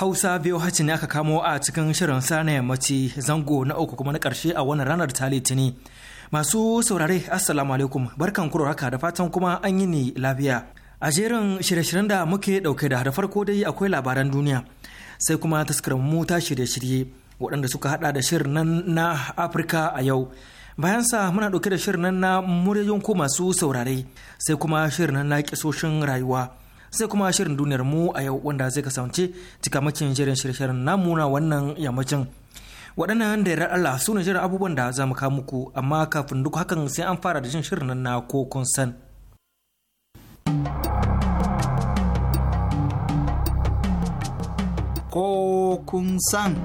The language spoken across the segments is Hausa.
hausa biyu haci ne aka kamo a cikin shirin sana na yammaci zango na uku kuma na karshe a wannan ranar ta litini masu saurare assalamu alaikum barkan kuro haka da fatan kuma an yi ni lafiya a jerin shirye-shiryen da muke ɗauke da da farko dai akwai labaran duniya sai kuma taskarar mu ta shirye-shirye waɗanda suka haɗa da shirin nan na afirka a yau Bayansa muna ɗauke da shirin nan na muryoyin ku masu saurare sai kuma shirin nan na kisoshin rayuwa sai kuma shirin duniyar mu a yau wanda zai kasance cikamakin shirin shirye namu wannan yammacin waɗannan da yarar Allah su ne shirin abubuwan da za mu kawo muku amma kafin duk hakan sai an fara da jin shirin nan na ko kun san ko kun san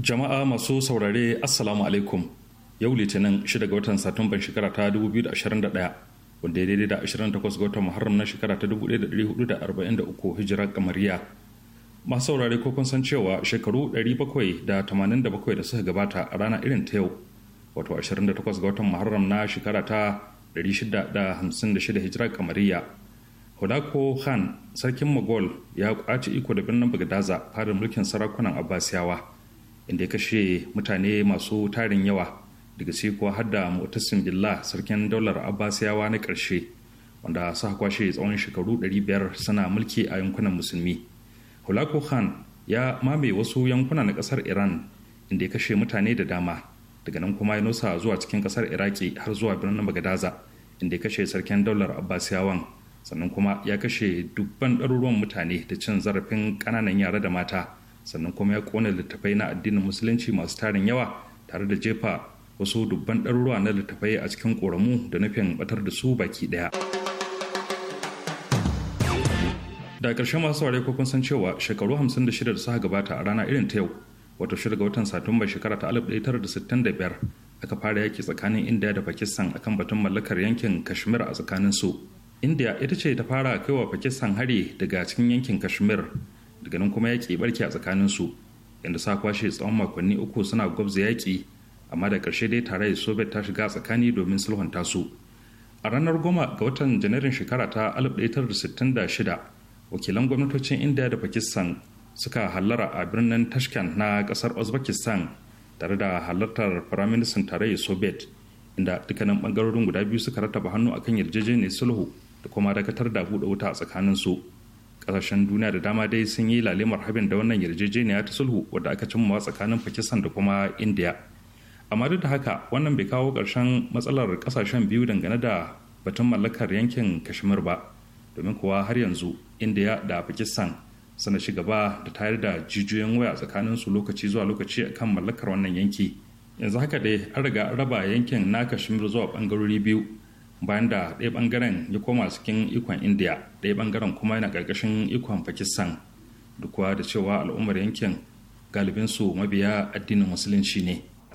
jama'a masu saurare assalamu alaikum yau litinin 6 ga watan satumban shekara ta 2021 wanda ya daidai da 28 ga watan muharram na shekara ta 1443 hijirar kamariya masu saurare ko kun san cewa shekaru 787 da suka gabata a rana irin ta yau wato 28 ga watan muharram na shekara ta 656 hijirar kamariya Hudako Khan sarkin Mughal ya kwaci iko da birnin Bagdaza farin mulkin sarakunan Abbasiyawa inda ya kashe mutane masu tarin yawa daga sai kuwa har da mu'tasim billah sarkin daular abbasiyawa na ƙarshe wanda su kwashe tsawon shekaru 500 suna mulki a yankunan musulmi hulaku khan ya mame wasu yankuna na ƙasar iran inda ya kashe mutane da dama daga nan kuma ya nosa zuwa cikin ƙasar iraki har zuwa birnin magadaza inda ya kashe sarkin daular abbasiyawan sannan kuma ya kashe dubban ɗaruruwan mutane da cin zarafin ƙananan yara da mata sannan kuma ya kona littattafai na addinin musulunci masu tarin yawa tare da jefa wasu dubban ɗaruruwa na littafai a cikin ƙoramu da nufin batar da su baki ɗaya. da ƙarshe masu saurare ko kun san cewa shekaru 56 da suka gabata a rana irin ta yau wato shirga watan satumba shekara ta 1965 aka fara yaki tsakanin india da pakistan akan batun mallakar yankin kashmir a tsakanin su india ita ce ta fara kaiwa pakistan hari daga cikin yankin kashmir daga nan kuma yaki barke a tsakanin su inda sa kwashe tsawon makonni uku suna gwabza yaki amma da karshe dai tarayyar soviet ta shiga tsakani domin sulhunta su a ranar goma ga watan janairun shekara ta 1966 wakilan gwamnatocin india da pakistan suka hallara a birnin tashkent na kasar uzbekistan tare da halartar firaministan tarayyar soviet inda dukkanin bangarorin guda biyu suka rattaba hannu akan yarjejeniyar sulhu da kuma dakatar da buɗe wuta a tsakanin su kasashen duniya da dama dai sun yi lalemar habin da wannan yarjejeniya ta sulhu wadda aka cimma tsakanin pakistan da kuma india amma duk da haka wannan bai kawo ƙarshen matsalar ƙasashen biyu dangane da batun mallakar yankin kashmir ba domin kuwa har yanzu indiya da pakistan sana shiga ba da tayar da jijiyoyin waya tsakanin su lokaci zuwa lokaci akan mallakar wannan yanki yanzu haka dai an riga raba yankin na kashmir zuwa bangarori biyu bayan da ɗaya bangaren ya koma cikin ikon india ɗaya bangaren kuma yana ƙarƙashin ikon pakistan duk da cewa al'ummar yankin galibinsu mabiya addinin musulunci ne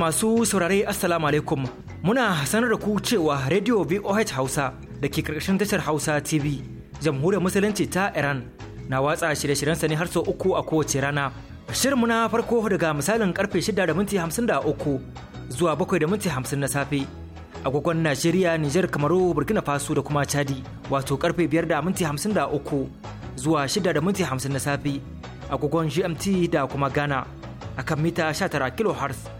masu saurare assalamu alaikum muna sanar da ku cewa radio voh hausa da ke karkashin tashar hausa tv jamhuriyar musulunci ta iran na watsa shirye-shiryensa ne har sau uku a kowace rana shirinmu na farko daga misalin karfe shida zuwa bakwai da na safe agogon najeriya nijer kamaru burkina faso da kuma chadi wato karfe biyar da zuwa shida na safe agogon gmt da kuma ghana akan mita 19 kilohertz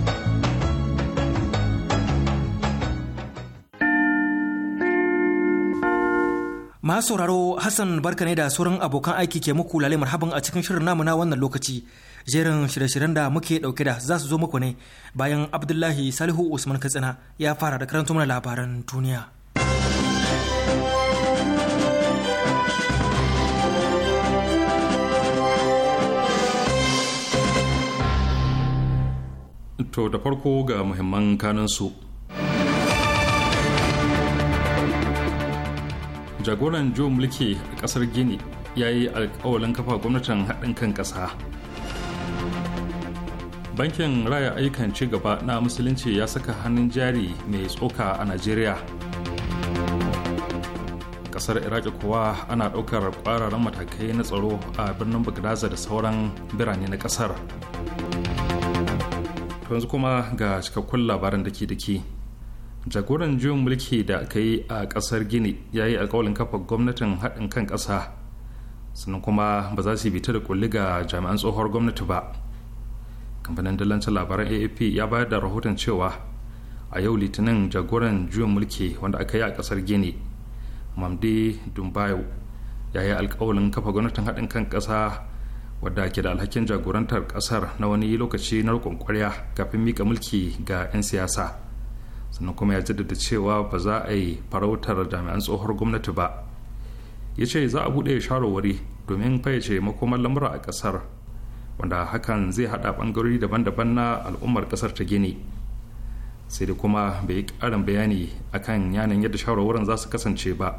Masu sauraro Hassan barka ne da sauran abokan aiki ke muku lale marhaban a cikin shirin namu na wannan lokaci. Jerin shirye-shiryen da muke dauke da za su zo muku ne bayan Abdullahi Salihu Usman Katsina ya fara da karanta mana labaran duniya. To da farko ga muhimman kanansu. su jagoran jo mulki a kasar gini ya yi alkawalin kafa gwamnatin haɗin kan ƙasa bankin raya ayyukan ci gaba na musulunci ya saka hannun jari mai tsoka a najeriya kasar iraki kuwa ana ɗaukar ƙwararren matakai na tsaro a birnin bagdaza da sauran birane na kasar yanzu kuma ga cikakkun labaran dake-dake jagoran juyin mulki da aka yi a kasar gini ya yi alkawalin kafa gwamnatin haɗin kan ƙasa sannan kuma ba za su bita da kulli ga jami'an tsohuwar gwamnati ba kamfanin dalancin labaran aap ya bayar da rahoton cewa a yau litinin jagoran juyin mulki wanda aka yi a kasar gini mamdi dumbayo ya yi alkawalin kafa gwamnatin haɗin kan ƙasa wadda ke da alhakin jagorantar ƙasar na wani lokaci na riƙon kafin mika mulki ga 'yan siyasa sannan kuma ya jaddada cewa ba za a yi farautar jami'an tsohuwar gwamnati ba ya ce za a buɗe shawarwari domin fayyace makomar lamura a ƙasar wanda hakan zai haɗa ɓangarori daban-daban na al'ummar ƙasar ta gini sai da kuma bai yi ƙarin bayani akan yanayin yadda shawarwarin za su kasance ba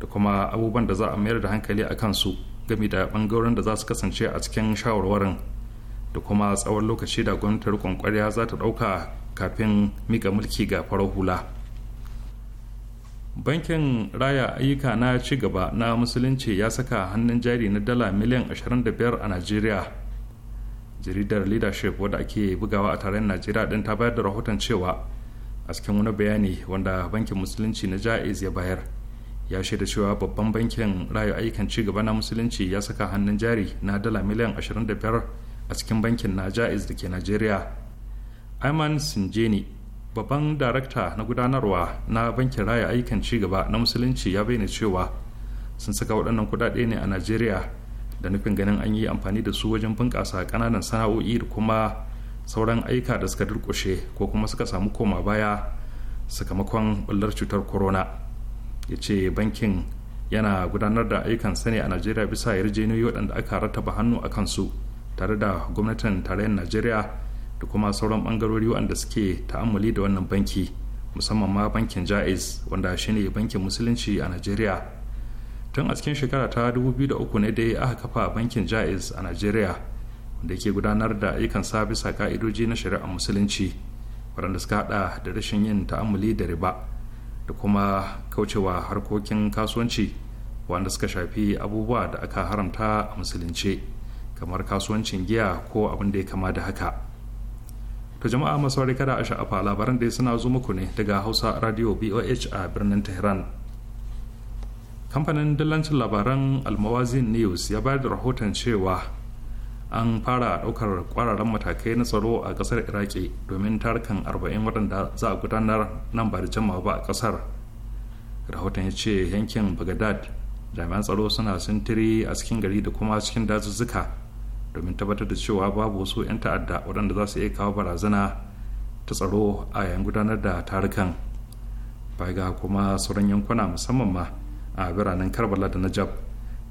da kuma abubuwan da za a mayar da hankali a kansu game da ɓangarorin da za su kasance a cikin shawarwarin da kuma tsawon lokaci da gwamnatar kwankwarya za ta ɗauka kafin mika mulki ga farar hula bankin raya ayyuka na ci gaba na musulunci ya saka hannun jari na dala miliyan 25 a najeriya jaridar leadership wadda ake bugawa a tarayyar najeriya din ta bayar da rahoton cewa a cikin wani bayani wanda bankin musulunci na ja'iz ya bayar ya shaida cewa babban bankin raya ayyukan ci gaba na musulunci ya saka hannun jari na dala miliyan 25 a cikin bankin na ja'iz da ke najeriya Ayman Sinjeni babban darakta na gudanarwa na bankin raya aikin cigaba na musulunci ya bayyana cewa sun saka waɗannan kuɗaɗe ne a Najeriya da nufin ganin an yi amfani da su wajen bunƙasa ƙananan sana'o'i da kuma sauran aika da suka durƙushe ko kuma suka samu koma baya sakamakon ɓullar cutar corona ya ce bankin yana gudanar da ayyukan sani a najeriya bisa yarjejeniyoyi waɗanda aka rataba hannu a kansu tare da gwamnatin tarayyar najeriya da kuma sauran bangarori wanda suke ta'ammali da wannan banki musamman ma bankin jaiz wanda shine bankin musulunci a nigeria tun a cikin shekara ta 2003 ne dai aka kafa bankin jaiz a nigeria wanda ke gudanar da ayyukan sa bisa ka'idoji na shari'ar musulunci waɗanda suka haɗa da rashin yin ta'amuli da riba da kuma kaucewa harkokin kasuwanci wanda suka shafi abubuwa da aka haramta a musulunci kamar kasuwancin giya ko abin da ya kama da haka ta jama'a masu kada a sha'afa labaran da suna zo muku ne daga hausa radio boh a birnin tehran kamfanin dillancin labaran almawazin news ya bayar da rahoton cewa an fara daukar kwararan matakai na tsaro a kasar iraki domin tarukan arba'in waɗanda za a gudanar nan ba da jama'a ba a kasar rahoton ya ce yankin bagdad jami'an tsaro suna sintiri a cikin gari da kuma cikin dazuzzuka domin tabbatar da cewa babu wasu 'yan ta'adda waɗanda za su iya kawo barazana ta tsaro a yayin gudanar da tarukan baya ga kuma sauran yankuna musamman ma a biranen karbala da najab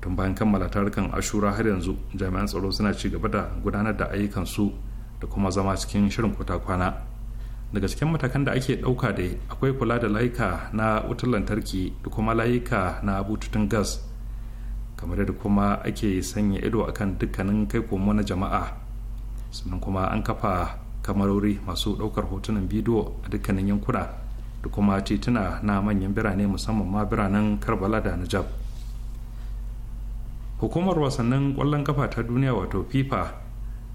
tun bayan kammala tarukan ashura har yanzu jami'an tsaro suna ci gaba da gudanar da ayyukansu da kuma zama cikin shirin kuta kwana daga cikin matakan da ake ɗauka dai, akwai kula da layuka na wutar lantarki da kuma layuka na bututun gas kamar yadda kuma ake sanya ido a kan dukkanin kai komo na jama'a sannan kuma an kafa kamarori masu ɗaukar hotunan bidiyo a dukkanin yankuna da kuma tituna na manyan birane musamman ma biranen karbala da najab hukumar wasannin kwallon kafa ta duniya wato fifa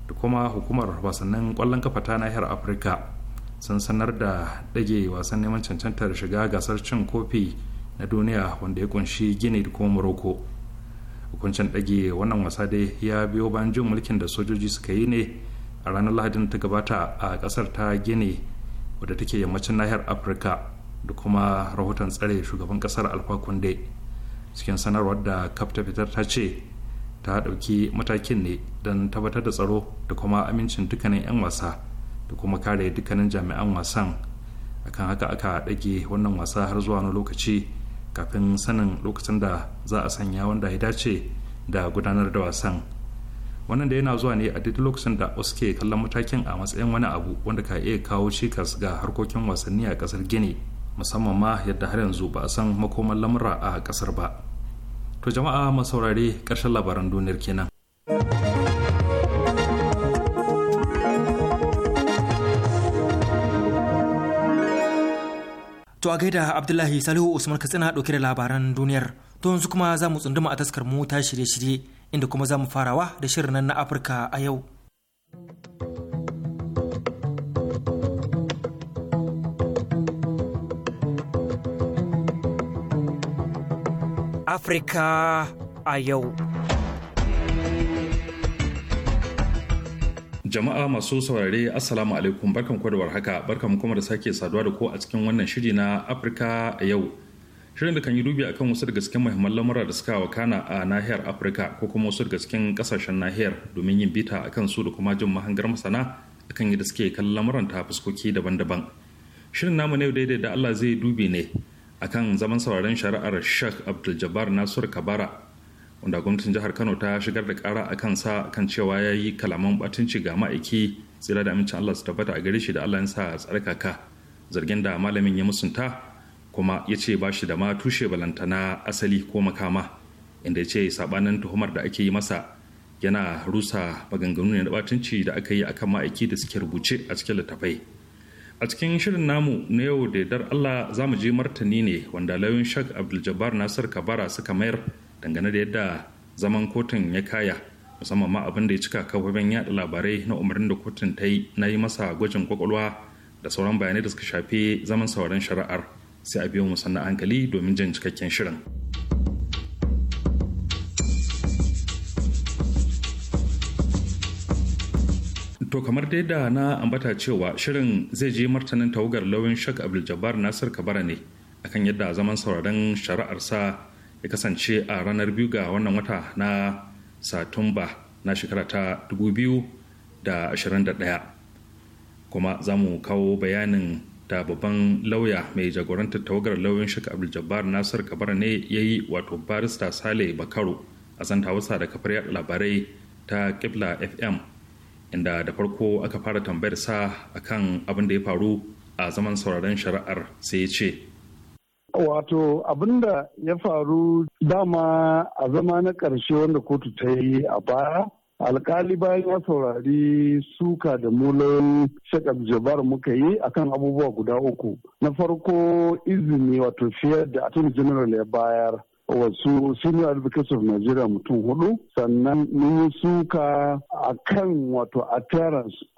da kuma hukumar wasannin kwallon kafa ta nahiyar afirka sun sanar da ɗage wasan neman cancantar shiga gasar cin kofi na duniya wanda ya kunshi gini da kuma morocco hukuncin ɗage wannan wasa dai ya biyo bayan jin mulkin da sojoji suka yi ne a ranar lahadin ta gabata a ƙasar ta gini wadda take yammacin nahiyar afirka da kuma rahoton tsare shugaban ƙasar alfa kunde cikin sanarwar da kafta fitar ta ce ta ɗauki matakin ne don tabbatar da tsaro da kuma amincin dukkanin 'yan wasa da kuma kare dukkanin jami'an wasan akan haka aka ɗage wannan wasa har zuwa wani lokaci kafin sanin lokacin da za a sanya wanda ya dace da gudanar da wasan wannan da yana zuwa ne a duk lokacin da oske kallon matakin a matsayin wani abu wanda ka iya kawo cikas ga harkokin wasanni a kasar gini musamman ma yadda har yanzu ba a san makoman lamura a kasar ba to jama'a masaurari ƙarshen labaran duniyar kenan. To a gaida Abdullahi Salihu Usman Katsina ɗauke da labaran duniyar. To yanzu kuma za mu tsunduma a taskar mu ta shirye-shirye inda kuma za mu farawa da shirin nan na Afirka a yau. Afirka a yau. Jama'a masu saurare Assalamu alaikum barkan ku da warhaka barkan kuma da sake saduwa da ku a cikin wannan shiri na Afirka a yau. Shirin da kan yi dubi akan wasu daga cikin muhimman lamura da suka wakana a nahiyar Afirka ko kuma wasu daga cikin kasashen nahiyar domin yin bita akan su da kuma jin mahangar masana akan da suke kallon lamuran ta fuskoki daban-daban. Shirin namu ne daidai da Allah zai dubi ne akan zaman sauraron shari'ar Sheikh Abdul Jabbar Nasir Kabara wanda gwamnatin jihar kano ta shigar da kara a kansa kan cewa ya yi kalaman batunci ga ma'aiki tsira da amincin allah su tabbata a gare shi da allah ya sa tsarkaka zargin da malamin ya musunta kuma ya ce ba shi da ma tushe balanta na asali ko makama inda ya ce sabanin tuhumar da ake yi masa yana rusa maganganu ne na batunci da aka yi akan ma'aiki da suke rubuce a cikin littafai a cikin shirin namu na yau da dar allah za mu je martani ne wanda lauyin shak abdul nasir kabara suka mayar dangane da yadda zaman kotun ya kaya musamman ma abin da ya cika kafafen yada labarai na umarnin da kotun ta yi na yi masa gwajin kwakwalwa da sauran bayanai da suka shafi zaman sauran shari'ar sai a biyo musanna hankali domin jin cikakken shirin. To kamar dai da na ambata cewa shirin zai je martanin tawagar lauyin Shak Abdul Jabbar Nasir Kabara ne akan yadda zaman sauraron sa. ya kasance a ranar biyu ga wannan wata na satumba na shekara ta 2021 kuma za mu kawo bayanin da babban lauya mai jagorantar tawagar lauyin shaka abdul jabbar nasir kabar ne ya yi wato barista sale bakaro a san hausa da kafar yada labarai ta kibla fm inda da farko aka fara tambayar sa akan abin da ya faru a zaman sauraron shari'ar sai ya ce Wato abinda ya faru dama a zama na ƙarshe wanda kotu ta yi a baya alkali bayan ya saurari suka da mulan shakar jabar muka yi akan abubuwa guda uku na farko izini wato fiye da attorney general ya bayar wasu senior advocates of nigeria mutum hudu sannan mun yi suka akan wato a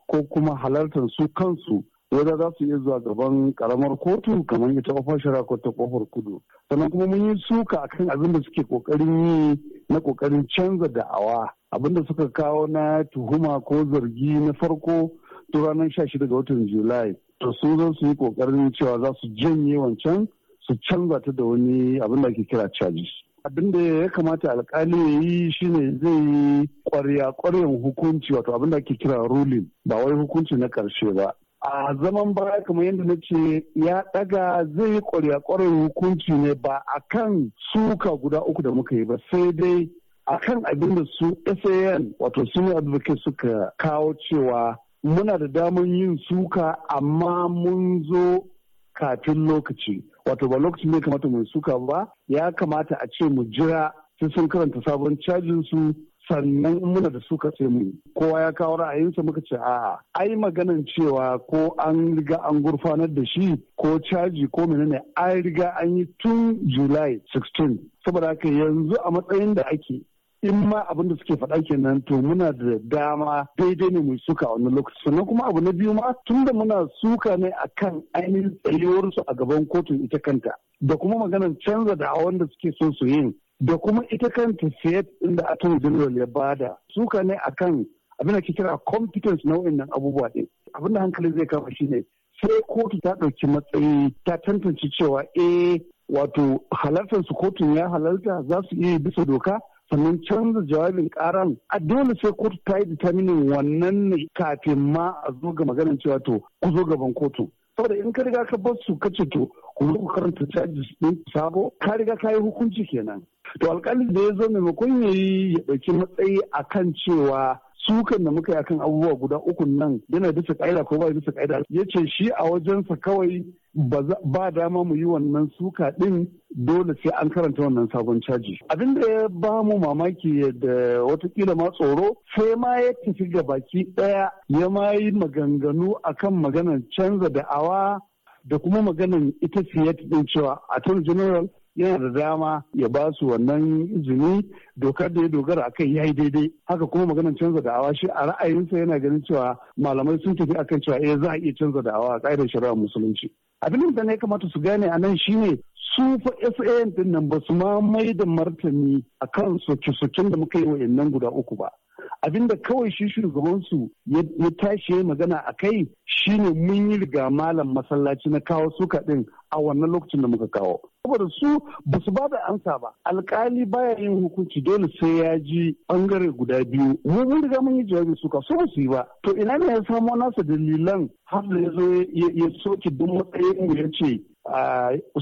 ko kuma halartar su kansu wadda za su iya zuwa gaban karamar kotu kamar ita kofar shara ko ta kofar kudu sannan kuma mun yi suka akan abin da suke kokarin yi na kokarin canza da'awa abin da suka kawo na tuhuma ko zargi na farko to ranar 16 ga watan julai to su zan su yi kokarin cewa za su janye wancan su canza ta da wani abin da ake kira charges abin da ya kamata alkali ya yi shine zai yi kwarya kwaryan hukunci wato abin da ake kira ruling ba wai hukunci na karshe ba a zaman baya kamar yadda na ce ya daga zai yi kwarya-kwarar hukunci ne ba a kan suka guda uku da muka yi ba sai dai a kan abin da su san wato senior advocate suka kawo cewa muna da damar yin suka amma mun zo kafin lokaci wato ba lokacin ne kamata mu suka ba ya kamata a ce mu jira sai sun karanta sabon cajin su sannan muna da suka ce mu kowa ya kawo ra'ayinsa muka ce a ai maganan cewa ko an riga an gurfanar da shi ko caji ko menene an riga an yi tun july 16 saboda haka yanzu a matsayin da ake in ma abin da suke faɗa kenan to muna da dama daidai ne mu suka wani lokaci sannan kuma abu na biyu ma tun da muna suka ne a kan ainihin tsayuwarsu a gaban kotun ita kanta da kuma maganar canza da wanda suke son su yin da kuma ita kanta siyar inda atom general ya bada suka ne a kan abin da ke kira competence nau'in nan abubuwa ɗin abin da hankali zai kama shine sai kotu ta ɗauki matsayi ta tantance cewa eh wato halartar su kotun ya halarta za su iya bisa doka sannan canza jawabin karan a dole sai kotu ta yi determining wannan ne kafin ma a zo ga maganin cewa to ku zo gaban kotu saboda in ka riga ka bar su kace to ku zo ku karanta charges din sabo ka riga ka yi hukunci kenan to alkalin da ya zo maimakon ya yi ya ɗauki matsayi a kan cewa sukan da muka yi akan abubuwa guda uku nan yana bisa ƙa'ida ko ba bisa ƙa'ida ya ce shi a wajensa kawai ba dama mu yi wannan suka ɗin dole sai an karanta wannan sabon caji abin da ya ba mu mamaki da watakila ma tsoro sai ma ya tafi ga baki ɗaya ya ma yi maganganu akan maganar canza da'awa da kuma maganar ita siyat ɗin cewa attorney general yana da dama ya ba su wannan izini dokar da ya dogara a kai ya yi daidai haka kuma maganar canza da awa shi a ra'ayinsa yana ganin cewa malamai sun tafi akan cewa eh za a iya canza da awa a ƙa'idar shari'ar musulunci abin da ya kamata su gane a nan shine su fa FAN din nan ba su ma mai da martani a kan soke-soken da muka yi wa nan guda uku ba. Abinda kawai shi shugabansu ya tashi ya magana a kai shine mun yi riga malam masallaci na kawo su kaɗin a wannan lokacin da muka kawo. Saboda su ba su ba da ansa ba. Alkali baya yin hukunci dole sai ya ji bangare guda biyu. Mu mun riga mun yi jawabi ka so ba su yi ba. To ina ne ya samo nasa dalilan har da ya zo ya soke duk matsayin mu ya ce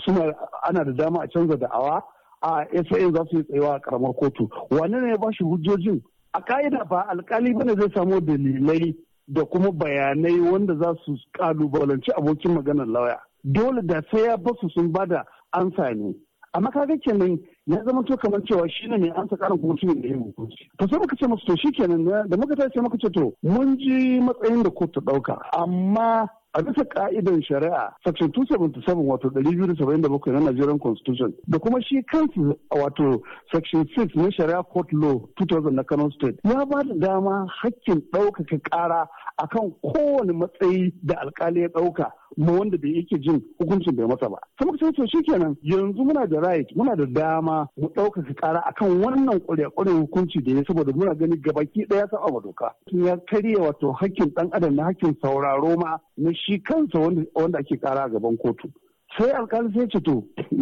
suna ana da dama a canza da'awa a SAN za su yi tsayawa a karamar kotu wane ne ya ba shi hujjojin a ka'ida ba alkali ba zai samu dalilai da kuma bayanai wanda za su kalubalanci abokin maganar lauya dole da sai ya ba su sun bada ansa ne amma kaga kenan ya zama to kamar cewa shi ne mai ansa karin kuma shi ne hukunci to sai muka ce musu to shi Kenan, da muka tashi muka ce to mun ji matsayin da kotu ɗauka amma a bisa ka'idan shari'a section 277 wato 277 na Nigerian Constitution da kuma shi kansu wato section 6 na shari'a court law 2000 na Kano state ya ba da dama hakkin ɗaukaka ƙara akan kowane matsayi da alkali ya ɗauka ma wanda da yake jin hukuncin bai masa ba sai muka to shikenan yanzu muna da right muna da dama mu ɗaukaka ƙara akan wannan ƙwarya-ƙwarya hukunci da ya saboda muna gani gabaki ɗaya saba doka ya karya wato hakkin ɗan adam na hakkin sauraro ma na shi kansa wanda ake kara a gaban kotu sai alkali sai ce to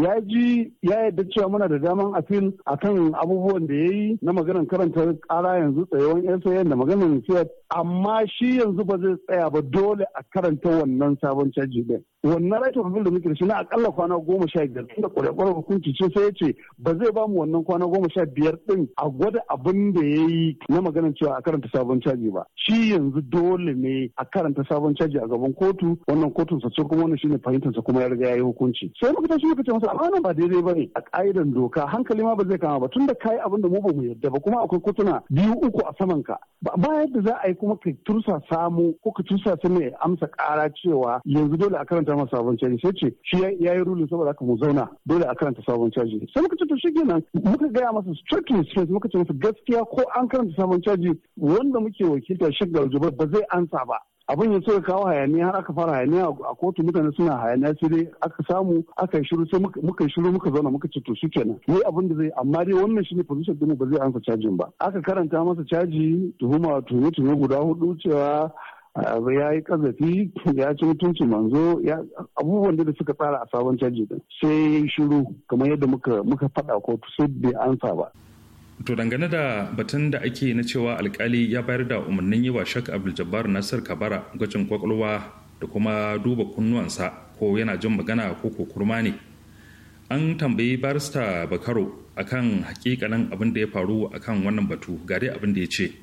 ya ji ya yadda cewa muna da daman afil a kan abubuwan da ya yi na maganar karanta kara yanzu tsayawan sayan da maganar fiyat amma shi yanzu ba zai tsaya ba dole a karanta wannan sabon caji ɗin wannan right of appeal da muke da shi na akalla kwana goma sha biyar tunda kwarekwarar hukunci ce sai ya ce ba zai ba mu wannan kwana goma sha biyar din a gwada abin da ya yi na maganar cewa a karanta sabon caji ba shi yanzu dole ne a karanta sabon caji a gaban kotu wannan kotun sa ce kuma wannan shine fahimtar sa kuma ya riga ya yi hukunci sai muka tashi muka ce masa amma ba daidai ba ne a ka'idan doka hankali ma ba zai kama ba da kai abin da mu ba mu yadda ba kuma akwai kotuna biyu uku a saman ka ba yadda za a yi kuma ka tursa samu ko ka tursa mai amsa kara cewa yanzu dole a karanta rubuta masa sabon caji sai ce shi ya yi rulin saboda haka mu zauna dole a karanta sabon caji sai muka ce to muka gaya masa strictly to muka ce masa gaskiya ko an karanta sabon caji wanda muke wakilta shi Aljubar ba zai ansa ba abin ya suka kawo hayaniya har aka fara hayaniya a kotu mutane suna hayaniya sai dai aka samu aka yi shiru sai muka yi shiru muka zauna muka ce to shikenan ne abin da zai amma dai wannan shine position din ba zai ansa cajin ba aka karanta masa caji tuhuma tuhume tuhume guda hudu cewa ya yi kazafi ya ci mutunci manzo abubuwan da suka tsara a sabon canji din sai shiru kamar yadda muka faɗa ko sai bai ansa ba to dangane da batun da ake na cewa alkali ya bayar da umarnin yi wa shak abdul nasir kabara gwajin kwakwalwa da kuma duba kunnuwansa ko yana jin magana ko kurma ne an tambayi barista bakaro akan hakikanin abin da ya faru akan wannan batu gare abin da ya ce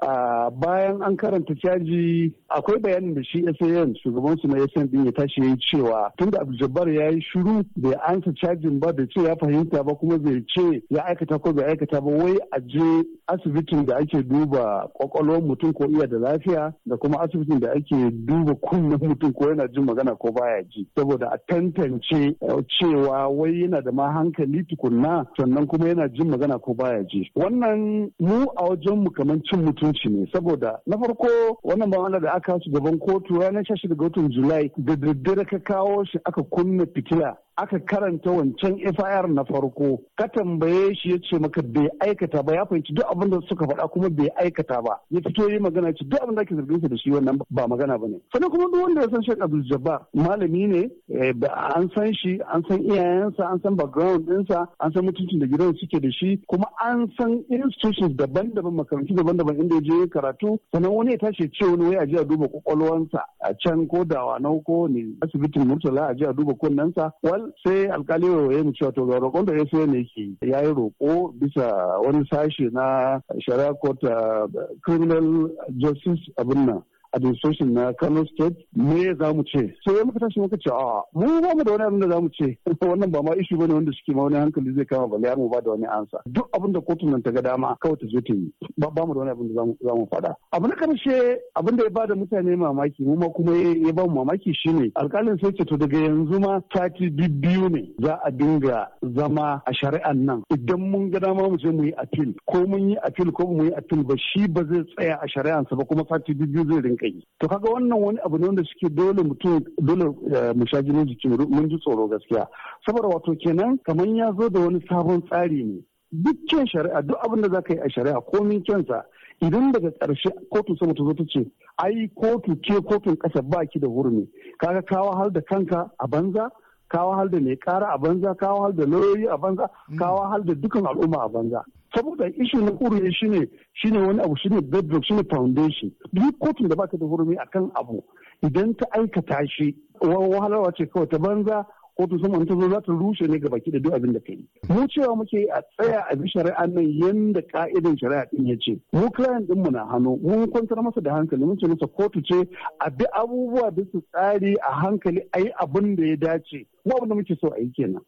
a bayan an karanta caji akwai bayanin da shi san shugaban su na san din ya tashi ya yi cewa tun da abdul ya yi shiru bai ansa cajin ba da ce ya fahimta ba kuma bai ce ya aikata ko bai aikata ba wai a je asibitin da ake duba kwakwalwar mutum ko iya da lafiya da kuma asibitin da ake duba kunnen mutum ko yana jin magana ko baya ji saboda a tantance eh, cewa wai yana da ma hankali tukunna sannan kuma yana jin magana ko baya ji wannan mu a wajen mu kamar cin mutum hukunci ne saboda na farko wannan ban da aka su gaban kotu ranar 16 ga watan Julai da daddare ka kawo shi aka kunna fitila aka karanta wancan FIR na farko ka tambaye shi ya ce maka bai aikata ba ya fahimci duk abin da suka faɗa kuma bai aikata ba ya fito yi magana ce duk abin da ake zargin sa da shi wannan ba magana ne. sannan kuma duk wanda ya san Sheikh Abdul Jabbar malami ne eh, an san shi an san iyayensa an san background ɗinsa an san mutuncin da gidan suke da shi kuma an san institutions daban-daban makarantu daban-daban inda ya je karatu sannan wani ya tashi ce wani wai a je a duba kwakwalwansa a can ko dawa na ko ne asibitin Murtala a je a duba kunnensa wal sai alkali ya mu cewa to ga roƙon da yaso ne ke ya yi roƙo bisa wani sashe na shari'a court uh, criminal justice abin nan administration na Kano State me za mu ce sai muka tashi muka ce a mu ba mu da wani abin da za mu ce wannan ba ma ishu bane wanda suke ma wani hankali zai kama har mu ba da wani ansa duk abin da kotun nan ta ga dama kawai ta zo ta yi ba mu da wani abin da za mu faɗa abu na karshe abin da ya ba da mutane mamaki mu ma kuma ya ba mu mamaki shine alƙalin sai ce to daga yanzu ma sati biyu ne za a dinga zama a shari'an nan idan mun ga dama mu je mu yi appeal ko mun yi appeal ko mu yi appeal ba shi ba zai tsaya a shari'ansa ba kuma sati biyu zai rinka yi to kaga wannan wani abu ne wanda suke dole mutum dole eh, mu sha jinin jiki mun ji tsoro gaskiya saboda wato kenan kamar ya zo da wani sabon tsari ne dukkan shari'a duk abin da zaka yi a shari'a komin kyansa idan daga ƙarshe kotu sama ta zo ta ce ai kotu ke kotun ƙasa ba ki da hurumi kaga kawo har da kanka a banza kawo hal da mai kara a banza kawo hal da lauyoyi a banza kawo hmm. hal da dukan al'umma a banza saboda ishu na ne shine shine wani abu shine bedrock shine foundation duk kotun da baka da hurumi akan abu idan ta aikata shi wahalarwa ce kawai ta banza kotun sama ta zo za ta rushe ne ga baki da duk abin da ka yi mu cewa muke a tsaya a bi shari'an nan yanda ka'idan shari'a din ya ce mu client din mu na hannu mu kwantar masa da hankali mun ce masa kotu ce a bi abubuwa da su tsari a hankali a abin da ya dace mu abin da muke so a yi kenan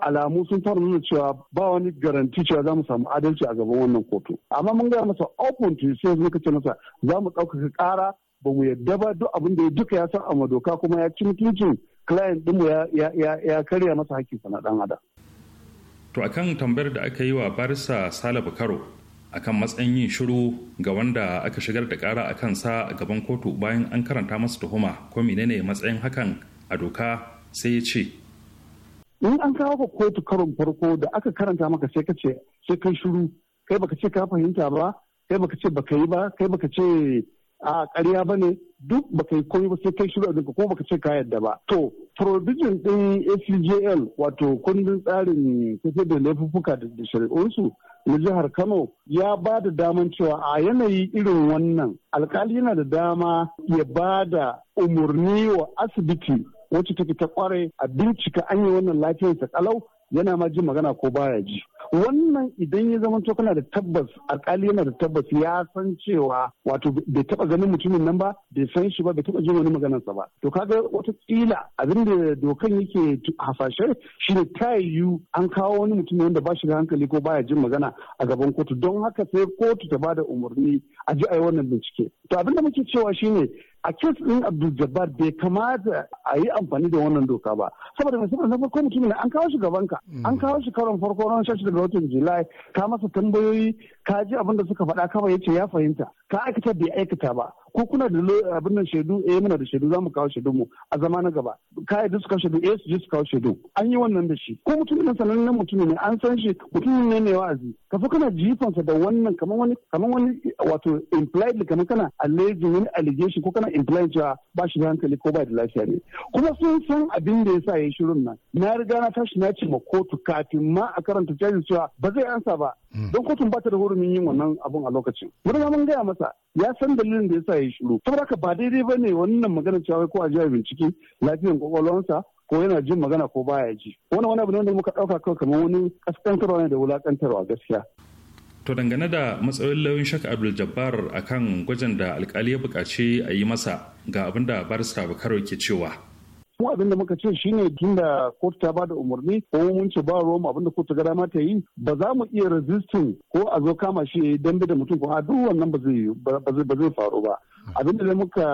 alamu sun fara nuna cewa ba wani garanti cewa za mu samu adalci a gaban wannan kotu amma mun gaya masa open to sai muka kace masa za mu ɗaukaka ƙara ba mu yadda ba duk abin da ya duka ya san a doka kuma ya ci mutuncin client ɗinmu ya karya masa sa na ɗan adam. To akan tambayar da aka yi wa barisa Salabu Karo akan matsayin yin shiru ga wanda aka shigar da kara a kansa a gaban kotu bayan an karanta masa tuhuma ko menene matsayin hakan a doka sai ya ce in an kawo ka kotu karon farko da aka karanta maka sai ka ce sai kai shiru kai baka ce ka fahimta ba kai baka ce baka yi ba kai baka ce a ƙarya ba ne duk baka yi koyi ba sai kai shiru a duka ko baka ce ka yadda ba to provision din ACJL wato kundin tsarin tafiya da laifuffuka da shari'unsu na jihar Kano ya ba da daman cewa a yanayi irin wannan alkali yana da dama ya ba da umarni wa asibiti wacce take ta kware a bincika an yi wannan lafiyar ta kalau yana ma jin magana ko baya ji wannan idan ya zama to kana da tabbas alkali yana da tabbas ya san cewa wato bai taba ganin mutumin nan ba bai san shi ba bai taba jin wani sa ba to kaga wata kila abin da dokan yake hasashe shine ta yiwu an kawo wani mutum wanda ba shi da hankali ko baya jin magana a gaban kotu don haka sai kotu ta bada umarni a ji a yi wannan bincike to abin da muke cewa shine a kes ɗin abdul jabbar bai kamata a yi amfani da wannan doka ba saboda mai saboda na farko mutum ne an kawo shi gabanka mm. an kawo shi karon farko ran shashi daga watan julai ka masa tambayoyi ka ji abin da suka faɗa kawai ya ce ya fahimta ka aikata bai aikata ba ko kuna da abin nan shaidu eh muna da shaidu za mu kawo shaidu mu a zama na gaba ka yadda su kawo shaidu eh su je su kawo shaidu an yi wannan da shi ko mutum ne nan mutum ne an san shi mutum ne ne wa'azi ka fa kana jifansa da wannan kamar wani kamar wani wato implied kamar kana alleged wani allegation ko kana implied cewa ba shi da hankali ko ba da lafiya ne kuma sun san abin da ya sa yayi shirin nan na riga na tashi na ce ma kotu kafin ma a karanta jaji cewa ba zai ansa ba hmm. don kotun ba ta da hurumin yin wannan abun a lokacin mun ga mun gaya masa ya san dalilin da yasa yayi yi shiru saboda haka ba daidai ba ne wannan magana cewa ko a ji bincike lafiyan kwakwalwansa ko yana jin magana ko baya ji wannan wani abu ne wanda muka ɗauka kawai kamar wani kaskantarwa ne da wulakantarwa gaskiya To dangane da matsayin lauyin shaka Abdul Jabbar akan gwajin da alkali ya buƙaci a yi masa ga abin da barista bakarau ke cewa. mu abin da muka ce shine tunda kotu ta bada umarni ko mun ce ba ruwan abin da kotu gada ma ta yi ba za mu iya rezistin ko a zo kama shi ya dambe da mutum ko a duk wannan ba zai faru ba Abinda da muka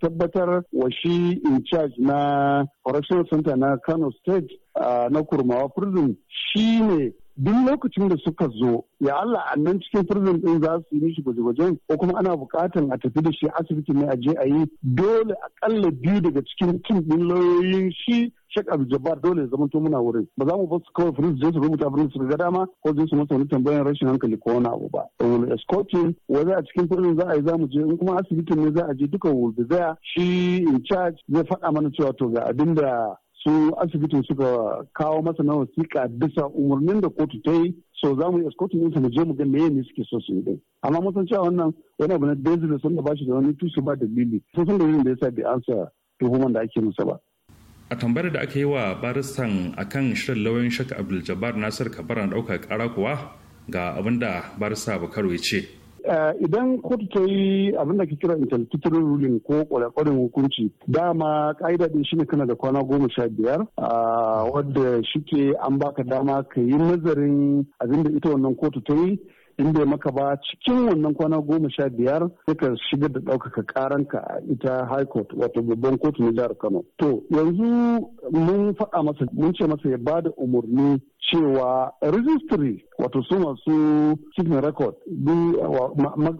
tabbatar wa shi in charge na correctional center na kano state ah, na kurmawa prison shine duk lokacin da suka zo ya Allah a nan cikin prison din za su yi mishi gwaje-gwajen ko kuma ana bukatan a tafi da shi asibiti ne a je a yi dole akalla biyu daga cikin tim din lauyoyin shi Sheikh Abdul Jabbar dole ya zamanto muna wurin ba za mu ba su kawai firin je su rubuta firin su ga dama ko je su masa wani tambayan rashin hankali ko wani abu ba wani escorting wanda a cikin firin za a yi za mu je in kuma asibitin ne za a je duka will be shi in charge zai faɗa mana cewa to ga abin da su asibitin suka kawo masa na wasiƙa bisa umarnin da kotu ta yi so za mu yi escorting ɗinsa mu je mu ga me ne suke so su yi dai amma mun san cewa wannan wani abu na da sun da bashi da wani tushe ba dalili sun san dalilin da yasa bai ansa tuhuman da ake masa ba a tambayar da aka yi wa baristan akan shirin lauyan shaka abdul jabbar nasir kabara ɗaukar ƙara kuwa ga abin da barista bakaru ya ce Eh, idan kotu ta yi abin da ke kira interlocutory ruling ko kwalekwalen hukunci dama ka'ida din shine kana da kwana goma sha biyar ah, wadda shi ke an baka dama ka yi nazarin abin da ita wannan kotu ta yi in bai maka ba cikin wannan kwana goma sha biyar suka shigar da ɗaukaka karanka a ita high court wato babban kotu na jihar kano to yanzu mun faɗa masa mun ce masa ya bada umarni cewa registry wato su masu cikin record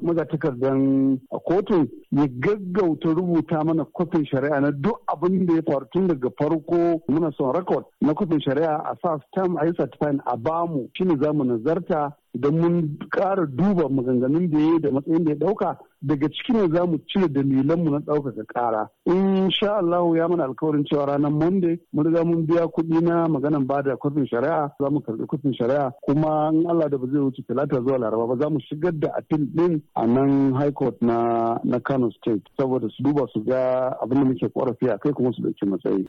magatakardan kotun ya gaggauta rubuta mana kwafin shari'a na duk abin da ya faru tun daga farko muna son record na kwafin shari'a a sa stamp a yi certifying a bamu shine za mu nazarta idan mun ƙara duba maganganun da ya yi da matsayin da ya ɗauka daga cikin za mu cire dalilanmu na ɗaukaka ƙara. In Allah ya mana alkawarin cewa ranar Monday mun riga mun biya kuɗi na maganan ba da shari'a za mu karɓi kwafin shari'a kuma in Allah da ba zai wuce talata zuwa laraba ba za mu shigar da appeal ɗin a nan High Court na na Kano State saboda su duba su ga abin da muke ƙorafi a kai kuma su ɗauki matsayi.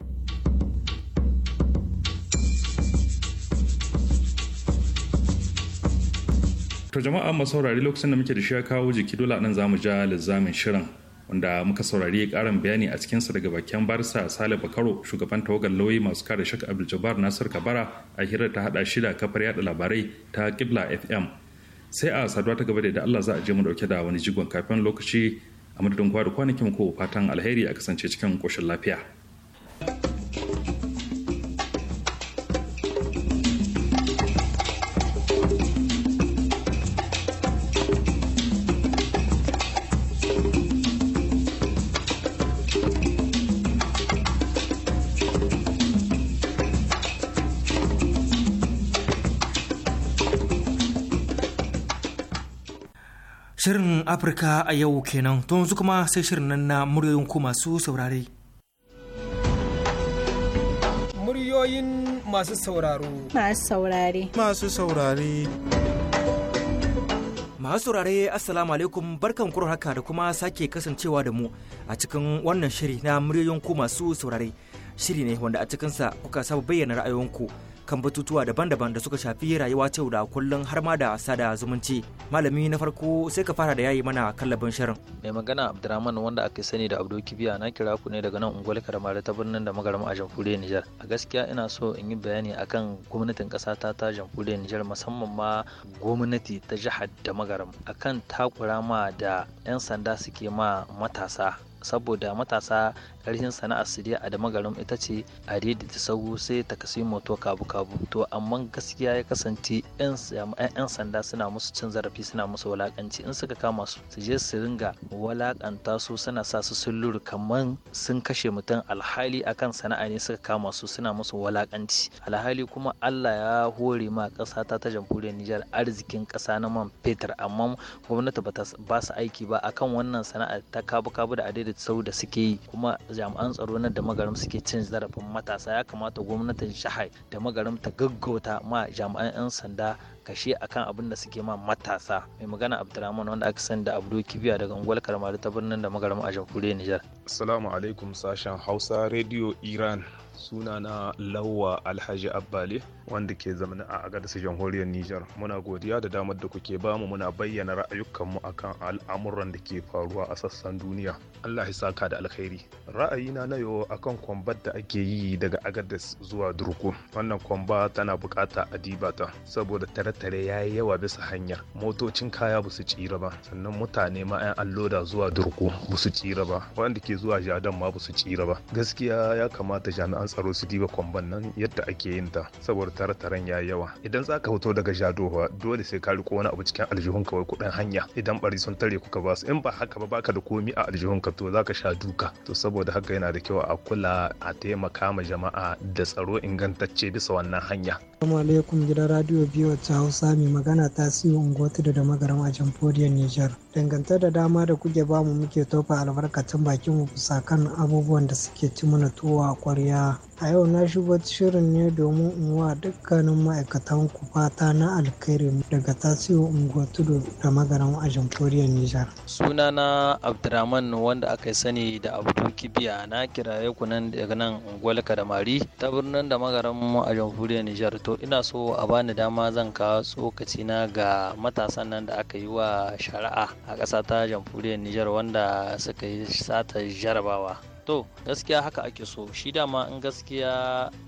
to jama'a mu saurari lokacin da muke da shi ya kawo jiki dole nan zamu ja lizamin shirin wanda muka saurari karin bayani a cikin sa daga bakin barsa sale bakaro shugaban tawagar lauyi masu kare shak abdul nasir kabara a hirar ta hada da kafar yada labarai ta kibla fm sai a saduwa ta gaba da da allah za a je mu dauke da wani jigon kafin lokaci a madadin kwa da kwanakin ko fatan alheri a kasance cikin koshin lafiya. Afirka a yau kenan to yanzu kuma sai shirin nan na muryoyin ku masu saurare. Muryoyin masu sauraro. Masu saurare. Masu saurare. Masu saurare Assalamu alaikum barkan kuro haka da kuma sake kasancewa da mu a cikin wannan shiri na muryoyin ku masu saurare. Shiri ne wanda a cikinsa kuka saba bayyana ra'ayoyinku kan batutuwa daban-daban da suka shafi rayuwa ta da kullum har ma da sada zumunci malami na farko sai ka fara da yayi mana kallabin shirin mai magana abdurrahman wanda aka sani da abdo kibiya na kira ku ne daga nan unguwar karama ta birnin da magarama a jamhuriyar nijar a gaskiya ina so in yi bayani akan gwamnatin kasa ta ta jamhuriyar nijar musamman ma gwamnati ta jihar da magaram akan takura ma da 'yan sanda suke ma matasa saboda matasa karshen sana'a su dai a da magarin ita ce a da ta sagu sai ta kasi moto kabu kabu to amma gaskiya ya kasance yan sanda suna musu cin zarafi suna musu walakanci in suka kama su su je su ringa walakanta su suna sa su sun lura kamar sun kashe mutum alhali akan sana'a ne suka kama su suna musu walakanci alhali kuma Allah ya hore ma ƙasa ta ta jamhuriyar Nijar arzikin ƙasa na man fetur amma gwamnati ba su aiki ba akan wannan sana'a ta kabu kabu da adai da sau da suke yi kuma jami'an tsaro na da magaram suke cin zarafin matasa ya kamata gwamnatin jihar da magarin ta gaggauta ma jami'an 'yan sanda kashe akan abin da suke ma matasa mai magana abdulrahman wanda aka sani da abdul kibiya daga unguwar karmari ta birnin da magarin a jamhuriyar nijar assalamu alaikum sashen hausa rediyo iran suna na lawa alhaji abbali wanda ke zamani a agadis jamhuriyar niger muna godiya da damar da kuke bamu muna bayyana ra'ayukanmu akan al'amuran da ke faruwa a sassan duniya allah ya saka da alkhairi ra'ayina na yau akan kwambar da ake yi daga agadis zuwa durku wannan kwamba tana bukata a dibata saboda tare-tare ya yi yawa bisa hanyar motocin kaya ba su tsira ba sannan mutane ma 'yan alloda zuwa durku ba su tsira ba wanda ke zuwa jadon ma ba su tsira ba gaskiya ya kamata jami'an tsaro su diba kwamban nan yadda ake yin ta saboda tare taren ya yawa idan za ka fito daga jadowa dole sai ka riko wani abu cikin aljihun kawai kuɗin hanya idan bari sun tare kuka ba su in ba haka ba baka da komi a aljihun ka to za ka sha duka to saboda haka yana da kyau a kula a taimaka ma jama'a da tsaro ingantacce bisa wannan hanya. Assalamu alaikum gidan radio biyu ta Hausa mai magana ta siyo unguwatu da magaram a jamhuriyar Nijar. Dangantar da dama da kuke mu muke tofa albarkacin bakin mu fusa kan abubuwan da suke ci mana tuwa a kwarya A yau na shigo shirin ne domin in wa dukkanin ma'aikatan ku fata na alkhairi daga tasirin unguwar tudu da magaran a jamhuriyar Nijar. Sunana Abdurrahman wanda aka sani da abdu Kibiya na kiraye ku nan daga nan unguwar Kadamari ta birnin da magaran a jamhuriyar Nijar to ina so a bani dama zan kawo tsokaci na ga matasan nan da aka yi wa shari'a a ƙasa ta jamhuriyar Nijar wanda suka yi sata jarabawa. to gaskiya haka ake so shi dama in gaskiya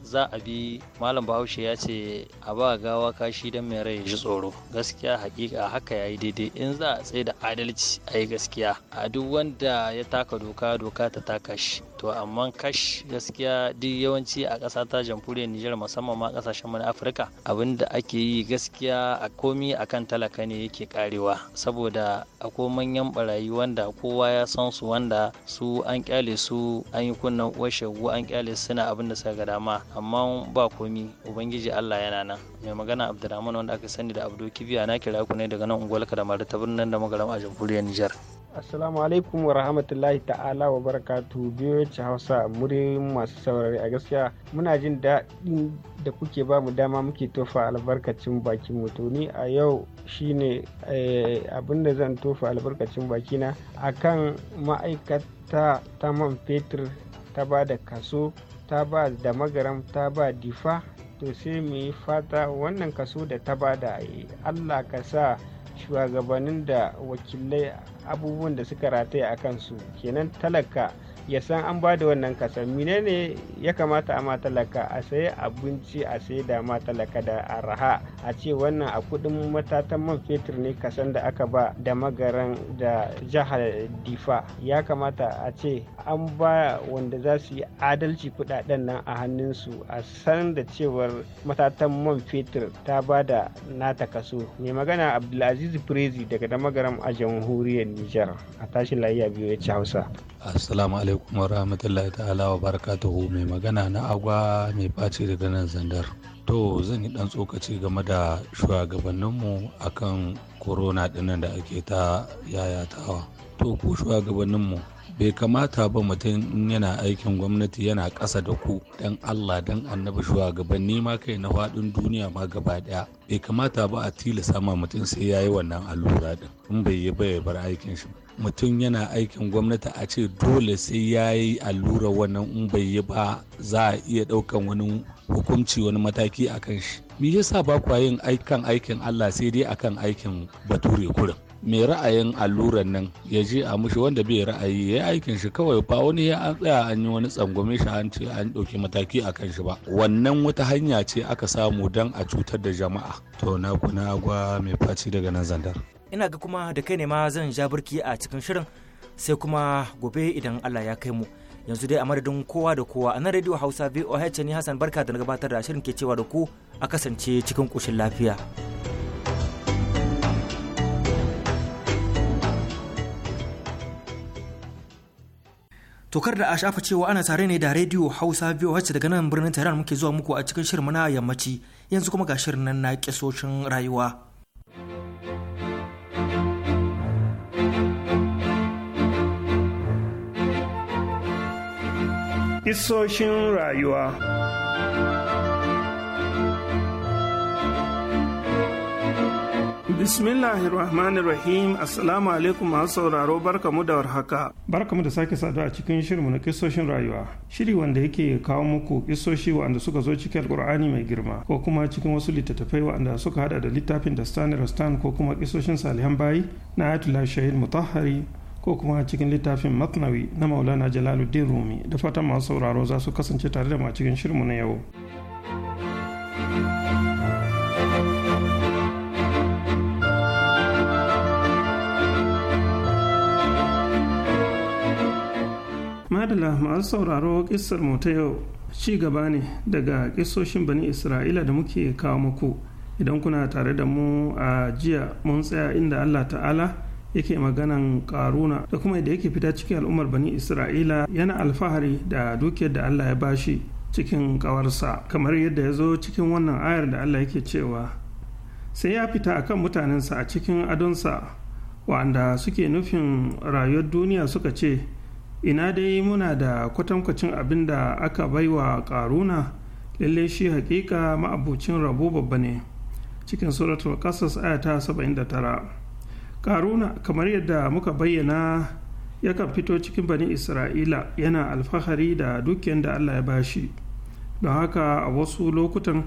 za a bi malam bahaushe ya ce a ba gawa kashi don mai rai ji tsoro gaskiya hakika haka ya yi daidai in za a tsaye da adalci a yi gaskiya a duk wanda ya taka doka doka ta taka shi to amma kash gaskiya duk yawanci a ƙasa ta jamhuriyar Nijar musamman ma ƙasashen mu na Afirka abinda ake yi gaskiya a komi akan talaka ne yake karewa saboda akwai manyan barayi wanda kowa ya san su wanda su an kyale su an yi kunnan uwar an kyale su suna abin da suka ga dama amma ba komi ubangiji Allah yana nan mai magana Abdulrahman wanda aka sani da Abdul Kibiya na kira ku ne daga nan unguwar Kadamar ta birnin da magaram a jamhuriyar Nijar Assalamu alaikum wa rahmatullahi ta'ala wa barakatu biyoci Hausa murin masu saurari a gaskiya muna jin daɗin da kuke ba mu dama muke tofa albarkacin baki mutuni a yau shine eh, abinda zan tofa albarkacin bakina kan ma'aikata ta man fetur ta ba da kaso ta ba da magaram ta ba difa to sai mu yi fata wannan kaso da ta ba da eh, Allah ka sa shugabannin da wakilai abubuwan da suka rataya a kansu kenan talaka ya san an ba da wannan kasar menene ya kamata a talaka a sayi abinci a sai da matalaka da araha a ce wannan a kudin matatan man fetur ne kasan da aka ba da magaran da jihar difa ya kamata a ce an ba wanda za su yi adalci kudaden nan a hannunsu a san da cewar matatan man fetur ta ba da nata kaso mai magana abdulaziz prezi daga da magaran a jamhuriyar Niger a tashi layya biyu ya ci Hausa. Assalamu alaikum wa rahmatullahi ta'ala wa barakatuhu mai magana na agwa mai face daga nan zandar. To zan yi dan tsokaci game da shugabanninmu a kan korona dinnan da ake ta yayatawa. To ku shugabanninmu bai kamata ba mutum yana aikin gwamnati yana ƙasa da ku dan allah dan annabi ni ma kai na faɗin duniya ma gaba ɗaya bai kamata ba a tilasa ma mutum sai yayi wannan allura din in bai yi ba ya bar aikin shi mutum yana aikin gwamnati a ce dole sai ya yi allura wannan in bai yi ba za a iya ɗaukan wani hukunci wani mataki a kan shi me yasa ba kwa yin aikan aikin allah sai dai akan aikin bature kurin mai ra'ayin alluran nan ya je a mushi wanda bai ra'ayi ya yi aikin shi kawai ba wani ya an tsaya an yi wani tsangwame shi an ce an ɗauki mataki a kan shi ba wannan wata hanya ce aka samu don a cutar da jama'a to na kuna agwa mai faci daga nan zandar ina ga kuma da kai ne ma zan ja birki a cikin shirin sai kuma gobe idan Allah ya kai mu yanzu dai a madadin kowa da kowa a nan radio hausa voh ne hassan barka da na gabatar da shirin ke cewa da ku a kasance cikin ƙoshin lafiya. tokar da a shafa cewa ana tare ne da rediyo hausa biyu wacce daga nan birnin tehran muke zuwa muku a cikin shirin na yammaci yanzu kuma ga shirin nan na kisoshin rayuwa Isoshin rayuwa rahim Assalamu alaikum masu sauraro barka mu da warhaka. barka mu da sake saduwa a cikin shirinmu na kisoshin rayuwa. Shiri wanda yake kawo muku kisoshi wanda suka zo cikin Alkur'ani mai girma ko kuma cikin wasu littattafai wanda suka hada da littafin da Stan Rastan ko kuma kisoshin Salihan Bayi na ayatullah Shahid Mutahari ko kuma cikin littafin Matnawi na Maulana Jalaluddin Rumi da fatan masu sauraro za su kasance tare da mu a cikin shirinmu na yau. madala masu sauraro kissar mu ta yau ci gaba ne daga kissoshin bani isra'ila da muke kawo muku idan kuna tare da mu a jiya mun tsaya inda allah ta'ala yake maganan karuna da kuma da yake fita cikin al'ummar bani isra'ila yana alfahari da dukiyar da allah ya bashi cikin kawarsa kamar yadda ya zo cikin wannan ayar da allah yake cewa sai ya fita akan mutanensa a cikin adonsa wa'anda suke nufin rayuwar duniya suka ce ina dai muna da kwatankwacin abin da aka baiwa karuna lalle shi hakika ma'abucin rabo babba ne cikin suratul kasas aya ta 79 karuna kamar yadda muka bayyana yakan fito cikin bani isra'ila yana alfahari da dukiyar da allah ya bashi don haka a wasu lokutan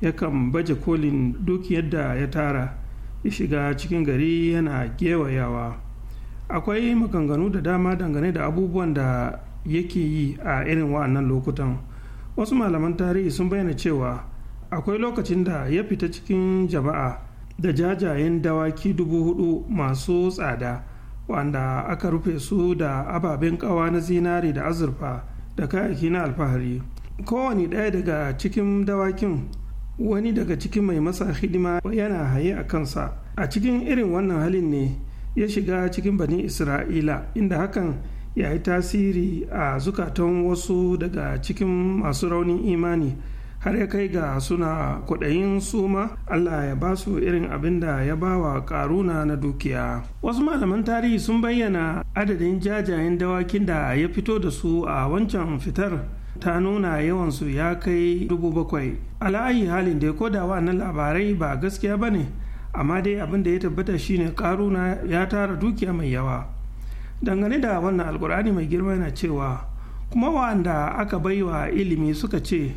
yakan baje kolin dukiyar da ya tara ya shiga cikin gari yana gewayawa akwai maganganu da dama dangane da abubuwan da yake yi a irin wa'annan lokutan wasu malaman tarihi sun bayyana cewa akwai lokacin da ya fita cikin jama'a da jajayen dawaki dubu hudu masu tsada wanda aka rufe su da ababen kawa na zinari da azurfa da kayayyaki na alfahari kowane ɗaya daga cikin dawakin wani daga cikin mai masa hidima yana haye a kansa a cikin irin wannan halin ne ya shiga cikin bani isra'ila inda hakan ya yi tasiri a zukatan wasu daga cikin masu raunin imani har ya kai ga suna kwaɗayin suma allah ya ba su irin abin da ya ba wa karuna na dukiya wasu malaman tarihi sun bayyana adadin jajayen dawakin da ya fito da su a wancan fitar ta nuna yawansu ya kai dubu bakwai ala'ayi halin da ya koda na labarai ba gaskiya ba ne amma dai abin da ya tabbata shine karuna ya tara dukiya mai yawa dangane da wannan alkur'ani mai girma yana cewa kuma wanda aka baiwa ilimi suka ce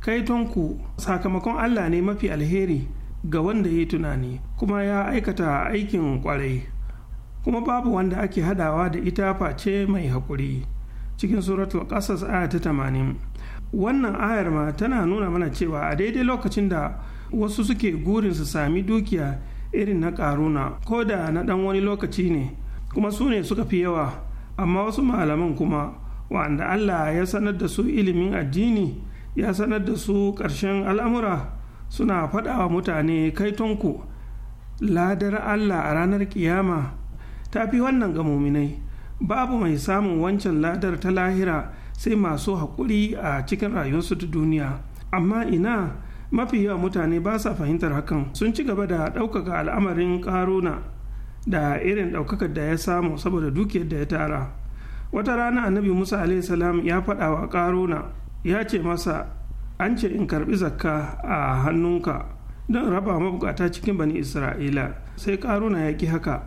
kai tonku sakamakon allah ne mafi alheri ga wanda ya yi tunani kuma ya aikata aikin kwarai kuma babu wanda ake hadawa da ita face mai haƙuri cikin suratul ƙasas aya ta tamanin wannan ayar ma tana nuna mana cewa a daidai lokacin da wasu suke gurin su sami dukiya irin na karuna ko da na ɗan wani lokaci ne kuma su ne suka fi yawa amma wasu malaman kuma wa'anda allah ya sanar da su ilimin addini ya sanar da su ƙarshen al'amura suna faɗawa mutane kaitonku ladar allah a ranar kiyama ta fi wannan ga muminai babu mai samun wancan ladar ta lahira sai masu haƙuri a cikin rayuwarsu ta duniya amma ina mafi yawa mutane ba sa fahimtar hakan sun ci gaba da ɗaukaka al'amarin ƙaruna da irin ɗaukakar da ya samu saboda dukiyar da ya tara wata rana annabi musa salam ya faɗa wa ƙaruna ya ce masa an ce in karɓi zakka a hannunka don raba mabukata cikin bani isra'ila sai karuna ya ki haka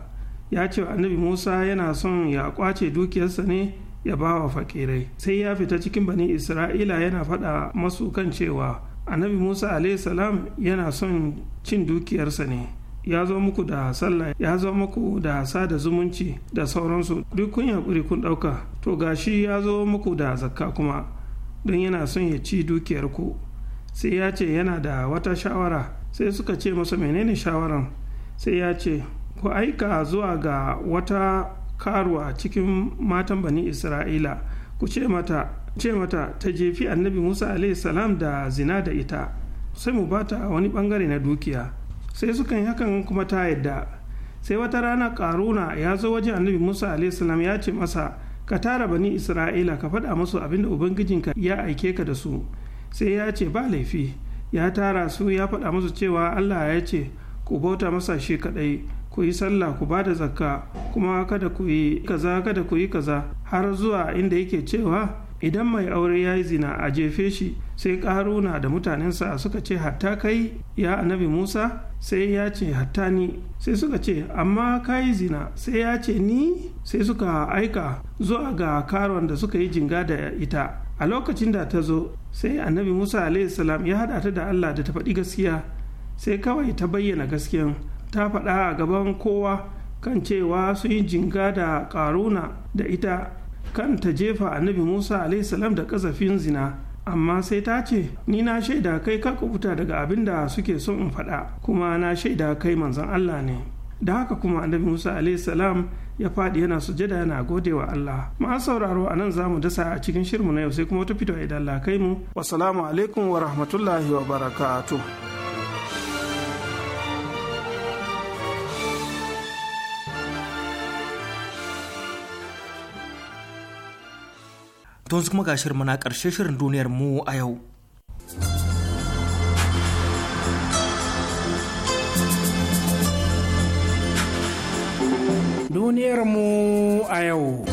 ya ce annabi musa yana son ya kwace dukiyarsa ne ya ba wa fakirai sai ya fita cikin bani isra'ila yana faɗa masu kan cewa annabi musa salam yana son cin dukiyarsa ne ya zo muku da sallah ya zo muku da hasa da zumunci da sauransu duk kun yaƙuri kun ɗauka to gashi ya zo muku da zakka kuma don yana son ya ci dukiyarku sai ya ce yana da wata shawara sai suka ce masa menene shawaran sai ya ce ku aika zuwa ga wata karuwa cikin matan bani isra'ila ku ce mata ce mata ta jefi annabi musa salam da zina da ita sai mu bata a wani bangare na dukiya sai sukan hakan kuma ta yadda sai wata rana karuna ya zo wajen annabi musa salam ya ce masa ka tara bani isra'ila ka faɗa musu abin da ubangijinka ya aike ka da su sai ya ce ba laifi ya tara su ya faɗa musu cewa allah ya ce ku bauta masa shi kaɗai ku yi sallah ku ba da zakka kuma kada ku yi kaza kada ku yi kaza har zuwa inda yake cewa idan mai aure ya yi zina a jefe shi sai ƙaruna da mutanensa suka ce hatta kai ya annabi musa sai ya ce hatta ni sai suka ce amma ka yi zina sai ya ce ni sai suka aika zuwa ga karon da suka yi jinga da ita a lokacin da ta zo sai annabi musa salam ya haɗa ta da allah da ta faɗi gaskiya sai kawai ta bayyana gaskiyan ta faɗa a gaban kowa kan cewa sun yi jinga da karuna da ita kan ta jefa annabi musa salam da kazafin zina amma sai ta ce ni na shaida kai ka kubuta daga abin da suke son in faɗa kuma na shaida kai manzon allah ne da haka kuma annabi musa salam ya faɗi yana sujada yana gode wa allah ma sauraro a nan zamu dasa a cikin shirmu na yau sai kuma wata fito idan lakai kai mu wasalamu alaikum wa rahmatullahi wa barakatuh To kuma ga mana muna ƙarshe shirin duniyar mu a yau. Duniyar mu a yau.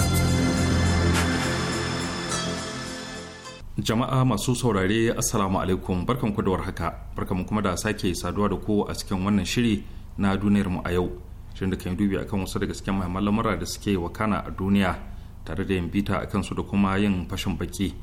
Jama'a masu saurare Assalamu alaikum barkan ku da warhaka barkan kuma da sake saduwa da ku a cikin wannan shiri na duniyar mu a yau. Shirin da kan yi dubi akan wasu daga cikin muhimman lamura da suke wakana a duniya. tare da yin bita a kansu da kuma yin fashin baki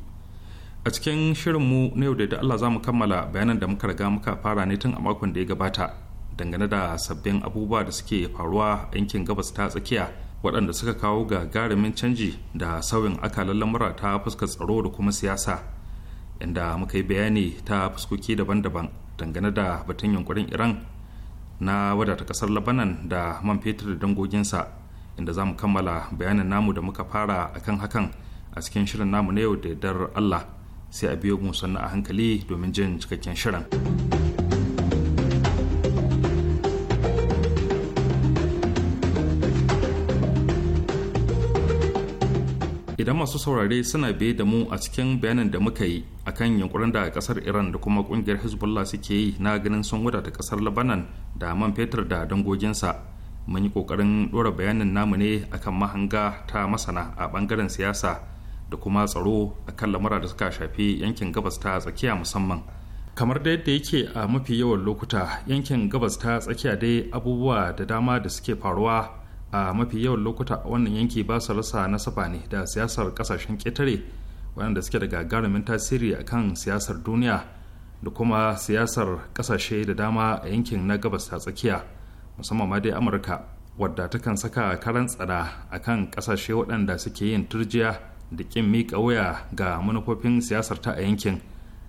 a cikin shirinmu na yau da da Allah za mu kammala bayanan da muka riga muka fara ne tun a makon da ya gabata dangane da sabbin abubuwa da suke faruwa a yankin gabas ta tsakiya waɗanda suka kawo ga garimin canji da sauyin akalan lamura ta fuskar tsaro da kuma siyasa inda muka yi bayani ta fuskoki daban-daban dangane da batun yunkurin iran na wadata ƙasar labanan da man fetur da dangoginsa inda za mu kammala bayanin namu da muka fara akan hakan a cikin shirin namu na yau da dar Allah sai a biyo mu sannu a hankali domin jin cikakken shirin. idan masu saurare suna biye da mu a cikin bayanin da muka yi akan yankurin da kasar iran da kuma kungiyar hezbollah suke yi na ganin sun wadata kasar labanan da man fetur da dangoginsa mun yi kokarin dora bayanin namu ne akan mahanga ta masana a bangaren siyasa da kuma tsaro akan lamura da suka shafi yankin gabas ta tsakiya musamman kamar da yadda yake a mafi yawan lokuta yankin gabas ta tsakiya dai abubuwa da dama da suke faruwa a mafi yawan lokuta a wannan yanki ba su rasa nasaba ne da siyasar kasashen ƙetare waɗanda suke da gagarumin tasiri akan siyasar duniya da kuma siyasar ƙasashe da dama a yankin na gabas ta tsakiya musamman ma dai amurka wadda takan saka karan tsada a kan ƙasashe waɗanda suke yin turjiya da ƙin miƙa wuya ga manufofin siyasar ta a yankin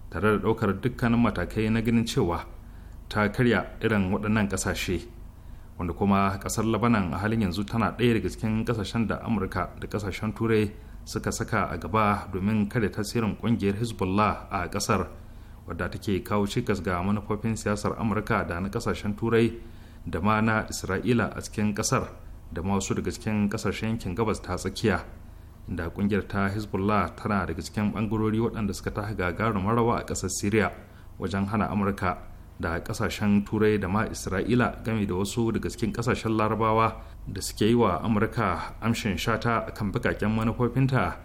tare da ɗaukar dukkanin matakai na ganin cewa ta karya irin waɗannan ƙasashe wanda kuma ƙasar labanan a halin yanzu tana ɗaya daga cikin ƙasashen da amurka da ƙasashen turai suka saka a gaba domin kada tasirin ƙungiyar hezbollah a ƙasar wadda take kawo cikas ga manufofin siyasar amurka da na ƙasashen turai da ma na isra'ila a cikin kasar da ma wasu daga cikin kasashen yankin gabas ta tsakiya da kungiyar ta hezbollah tana daga cikin bangarori waɗanda suka ta gagarin marawa a ƙasar syria wajen hana amurka da kasashen turai da ma isra'ila game da wasu daga cikin kasashen larabawa da suke yi wa amurka amshin shata kan bakaken manufofinta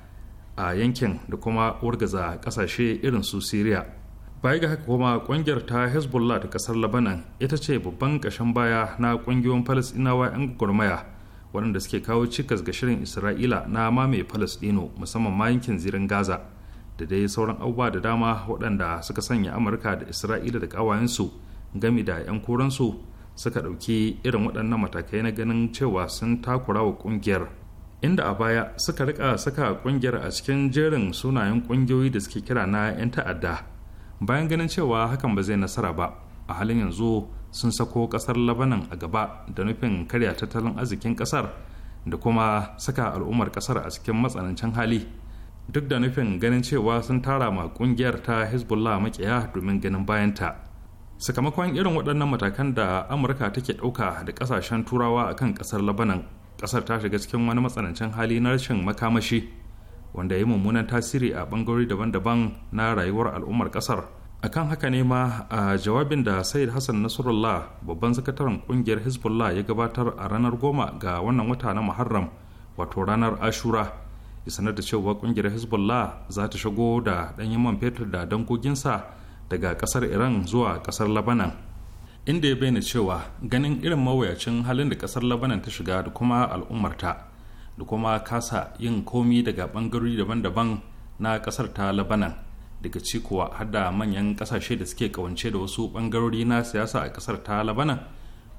a yankin da kuma wargaza kasashe irin su syria baya ga haka kuma kungiyar ta hezbollah da kasar labanan ita ce babban kashin baya na kungiyoyin falasdinawa 'yan gwagwarmaya waɗanda suke kawo cikas ga shirin isra'ila na mamaye falasdino musamman ma yankin zirin gaza da dai sauran abubuwa da dama waɗanda suka sanya amurka da isra'ila da ƙawayensu gami da 'yan koransu suka ɗauki irin waɗannan matakai na ganin cewa sun takura wa ƙungiyar inda a baya suka rika saka ƙungiyar a cikin jerin sunayen ƙungiyoyi da suke kira na 'yan ta'adda bayan ganin cewa hakan ba zai nasara ba a halin yanzu sun sako kasar labanan a gaba da nufin karya tattalin arzikin kasar da kuma saka al'ummar kasar a cikin matsanancin hali duk da nufin ganin cewa sun tara ma kungiyar ta hezbollah makiya domin ganin bayanta sakamakon irin waɗannan matakan da amurka take ɗauka da ƙasashen turawa akan ƙasar labanan ƙasar ta shiga cikin wani matsanancin hali na rashin makamashi wanda ya yi mummunan tasiri a bangarori daban-daban na rayuwar al'ummar kasar akan haka ne ma a jawabin da said hassan nasrullah babban sakataren kungiyar hezbollah ya gabatar a ranar goma ga wannan wata na muharram wato ranar ashura ya sanar da cewa kungiyar hezbollah za ta shigo da ɗanyen man fetur da dangoginsa daga kasar iran zuwa kasar labanan inda ya bayyana cewa ganin irin mawuyacin halin da kasar labanan ta shiga da kuma al'ummarta da kuma kasa yin komi daga bangarori daban-daban na kasar ta labanan daga ci har da manyan kasashe da suke kawance da wasu bangarori na siyasa a kasar ta labanan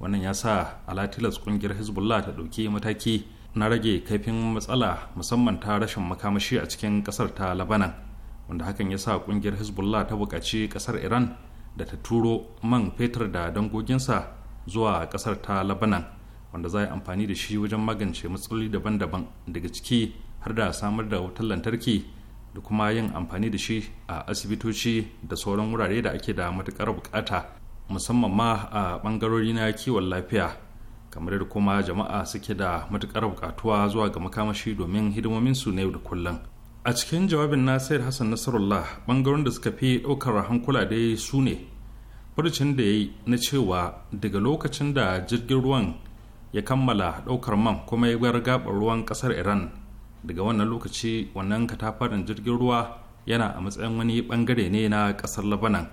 wannan ya sa alatilas kungiyar hezbollah ta ɗauki mataki na rage kaifin matsala musamman ta rashin makamashi a cikin kasar ta labanan wanda hakan ya sa kungiyar hezbollah ta buƙaci kasar iran da ta turo man fetur da dangoginsa zuwa kasar ta labanan wanda za a yi amfani da shi wajen magance matsaloli daban-daban daga ciki har da samar da wutar lantarki da kuma yin amfani da shi a asibitoci da sauran wurare da ake da matuƙar bukata musamman ma a ɓangarori na kiwon lafiya kamar da kuma jama'a suke da matuƙar bukatuwa zuwa ga makamashi domin hidimominsu na yau da kullum a cikin jawabin na sayar hassan nasarullah ɓangaren da suka fi ɗaukar hankula dai su ne furucin da ya yi na cewa daga lokacin da jirgin ruwan ya kammala ɗaukar man kuma ya gwar gabar ruwan ƙasar iran daga wannan lokaci wannan katafaren jirgin ruwa yana a matsayin wani bangare ne na ƙasar labanan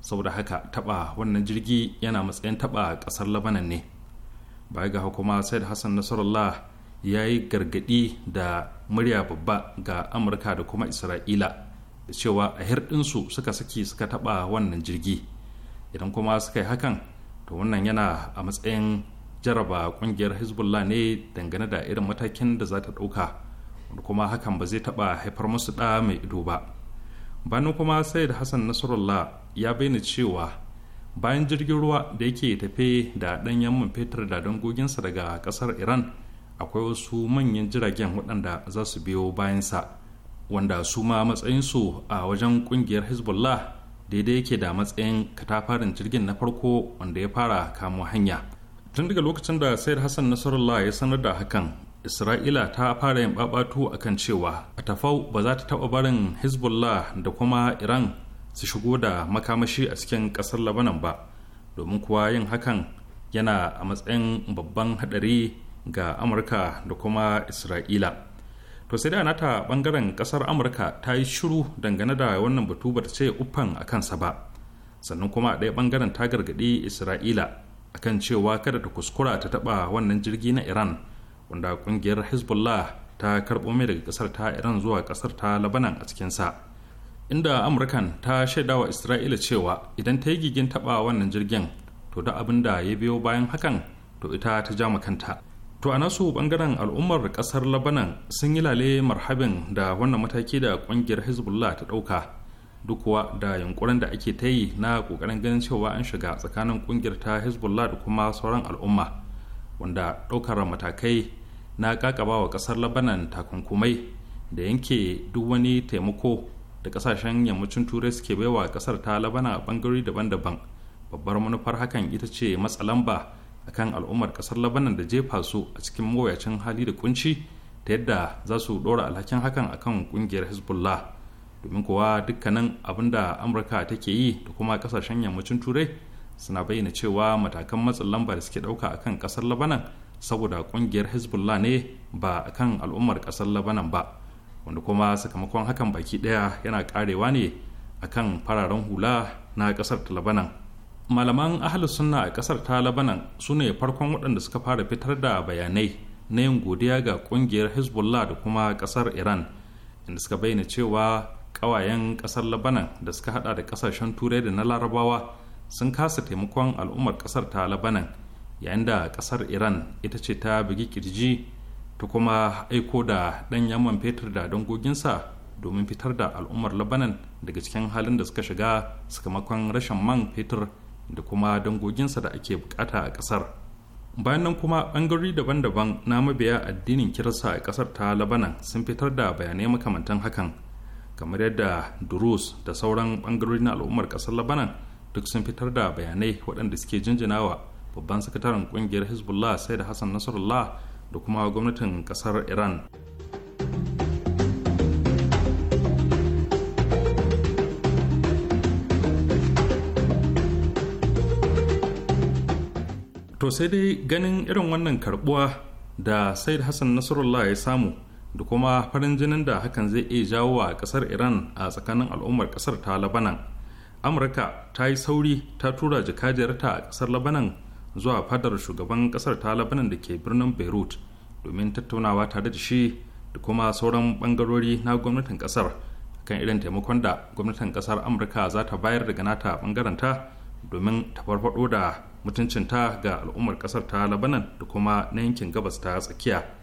saboda haka taba wannan jirgi yana matsayin taba ƙasar labanan ne baya ga kuma said hassan nasarallah ya yi gargadi da murya babba ga amurka da kuma isra'ila da cewa a hirɗinsu suka saki suka taɓa wannan jirgi idan kuma suka yi hakan to wannan yana a matsayin jaraba kungiyar hezbollah ne dangane da irin matakin da za ta ɗauka wanda kuma hakan ba zai taɓa haifar musu ɗa mai ido ba bayan kuma da hassan nasarallah ya bayyana cewa bayan jirgin ruwa da yake tafe da ɗanyen man fetur da dangoginsa daga ƙasar iran akwai wasu manyan jiragen waɗanda za su biyo bayansa wanda su ma matsayinsu a wajen kungiyar hezbollah daidai yake da matsayin katafarin jirgin na farko wanda ya fara kamo hanya tun daga lokacin da sayar hassan nasarullah ya sanar da hakan isra'ila ta fara yin babatu akan cewa a tafau ba za ta taba barin hezbollah da kuma iran su shigo da makamashi a cikin kasar labanan ba domin kuwa yin hakan yana a matsayin babban hadari ga amurka da kuma isra'ila to sai da nata bangaren kasar amurka ta yi shiru dangane da wannan batu ba ta ce uffan a kansa ba sannan kuma a ɗaya bangaren ta gargaɗi isra'ila akan cewa kada ta kuskura ta taɓa wannan jirgi na iran wanda ƙungiyar hezbollah ta karɓo mai daga ƙasar ta iran zuwa ƙasar ta labanan a cikinsa inda amurkan ta shaida wa isra'ila cewa idan ta yi gigin taɓa wannan jirgin to da abin da ya biyo bayan hakan to ita ta ja kanta to a nasu bangaren al'ummar kasar labanan sun yi lale marhabin da wannan mataki da kungiyar hezbollah ta dauka duk kuwa da yunkurin da ake ta yi na kokarin ganin cewa an shiga tsakanin kungiyar ta hezbollah da kuma sauran al'umma wanda ɗaukar matakai na wa ƙasar labanan takunkumai da yanke duk wani taimako da ƙasashen yammacin turai suke baiwa ƙasar ta labanan a ɓangarori daban-daban babbar manufar hakan ita ce matsa lamba akan al'ummar ƙasar labanan da jefa su a cikin mawuyacin hali da kunci ta yadda za su ɗora alhakin hakan akan ƙungiyar hezbollah domin kuwa dukkanin abin da amurka take yi da kuma kasashen yammacin turai suna bayyana cewa matakan matsin lamba da suke dauka akan kasar labanan saboda kungiyar hezbollah ne ba akan al'ummar kasar labanan ba wanda kuma sakamakon hakan baki daya yana karewa ne akan fararen hula na kasar ta labanan malaman ahalus suna a kasar ta labanan su ne farkon waɗanda suka fara fitar da bayanai na yin godiya ga kungiyar hezbollah da kuma kasar iran inda suka bayyana cewa ƙawayen ƙasar labanan da suka hada da ƙasashen turai da na larabawa sun kasa taimakon al'ummar ƙasar ta labanan yayin da ƙasar iran ita ce ta bugi kirji ta kuma aiko da ɗan yaman fetur da dangoginsa domin fitar da al'ummar labanan daga cikin halin da suka shiga sakamakon rashin man fetur da kuma dangoginsa da ake bukata a ƙasar bayan nan kuma bangarori daban-daban na mabiya addinin kirista a ƙasar ta labanan sun fitar da bayanai makamantan hakan kamar yadda durus da sauran bangarori na al'ummar kasar labanan duk sun fitar da bayanai waɗanda suke jinjinawa babban sakataren kungiyar hezbollah sai da hassan nasarullah da kuma gwamnatin kasar iran to sai dai ganin irin wannan karbuwa da sai da hassan nasarullah ya samu da kuma farin jinin da hakan zai iya jawo wa kasar iran a tsakanin al'ummar kasar ta labanan amurka ta yi sauri ta tura jikajiyarta a kasar labanan zuwa fadar shugaban kasar ta labanan da ke birnin beirut domin tattaunawa tare da shi da kuma sauran bangarori na gwamnatin kasar kan irin taimakon da gwamnatin kasar amurka za ta bayar daga nata bangaranta domin ta farfado da mutuncinta ga al'ummar kasar ta labanan da kuma na yankin gabas ta tsakiya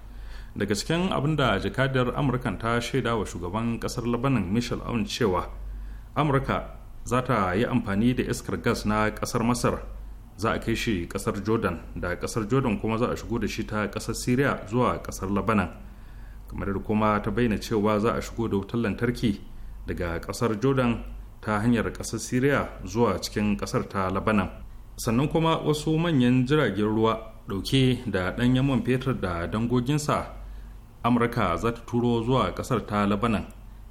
daga cikin abin da jakadar amurkan ta shaida wa shugaban kasar labanin michel aun cewa amurka za ta yi amfani da iskar gas na kasar masar za a kai shi kasar jordan da kasar jordan kuma za a shigo da shi ta kasar syria zuwa kasar labanan kamar da kuma ta bayyana cewa za a shigo da wutar lantarki daga kasar jordan ta hanyar kasar syria zuwa cikin kasar ta labanan sannan kuma wasu manyan jiragen ruwa dauke da ɗanyen man fetur da dangoginsa amurka za ta turo zuwa kasar ta labanan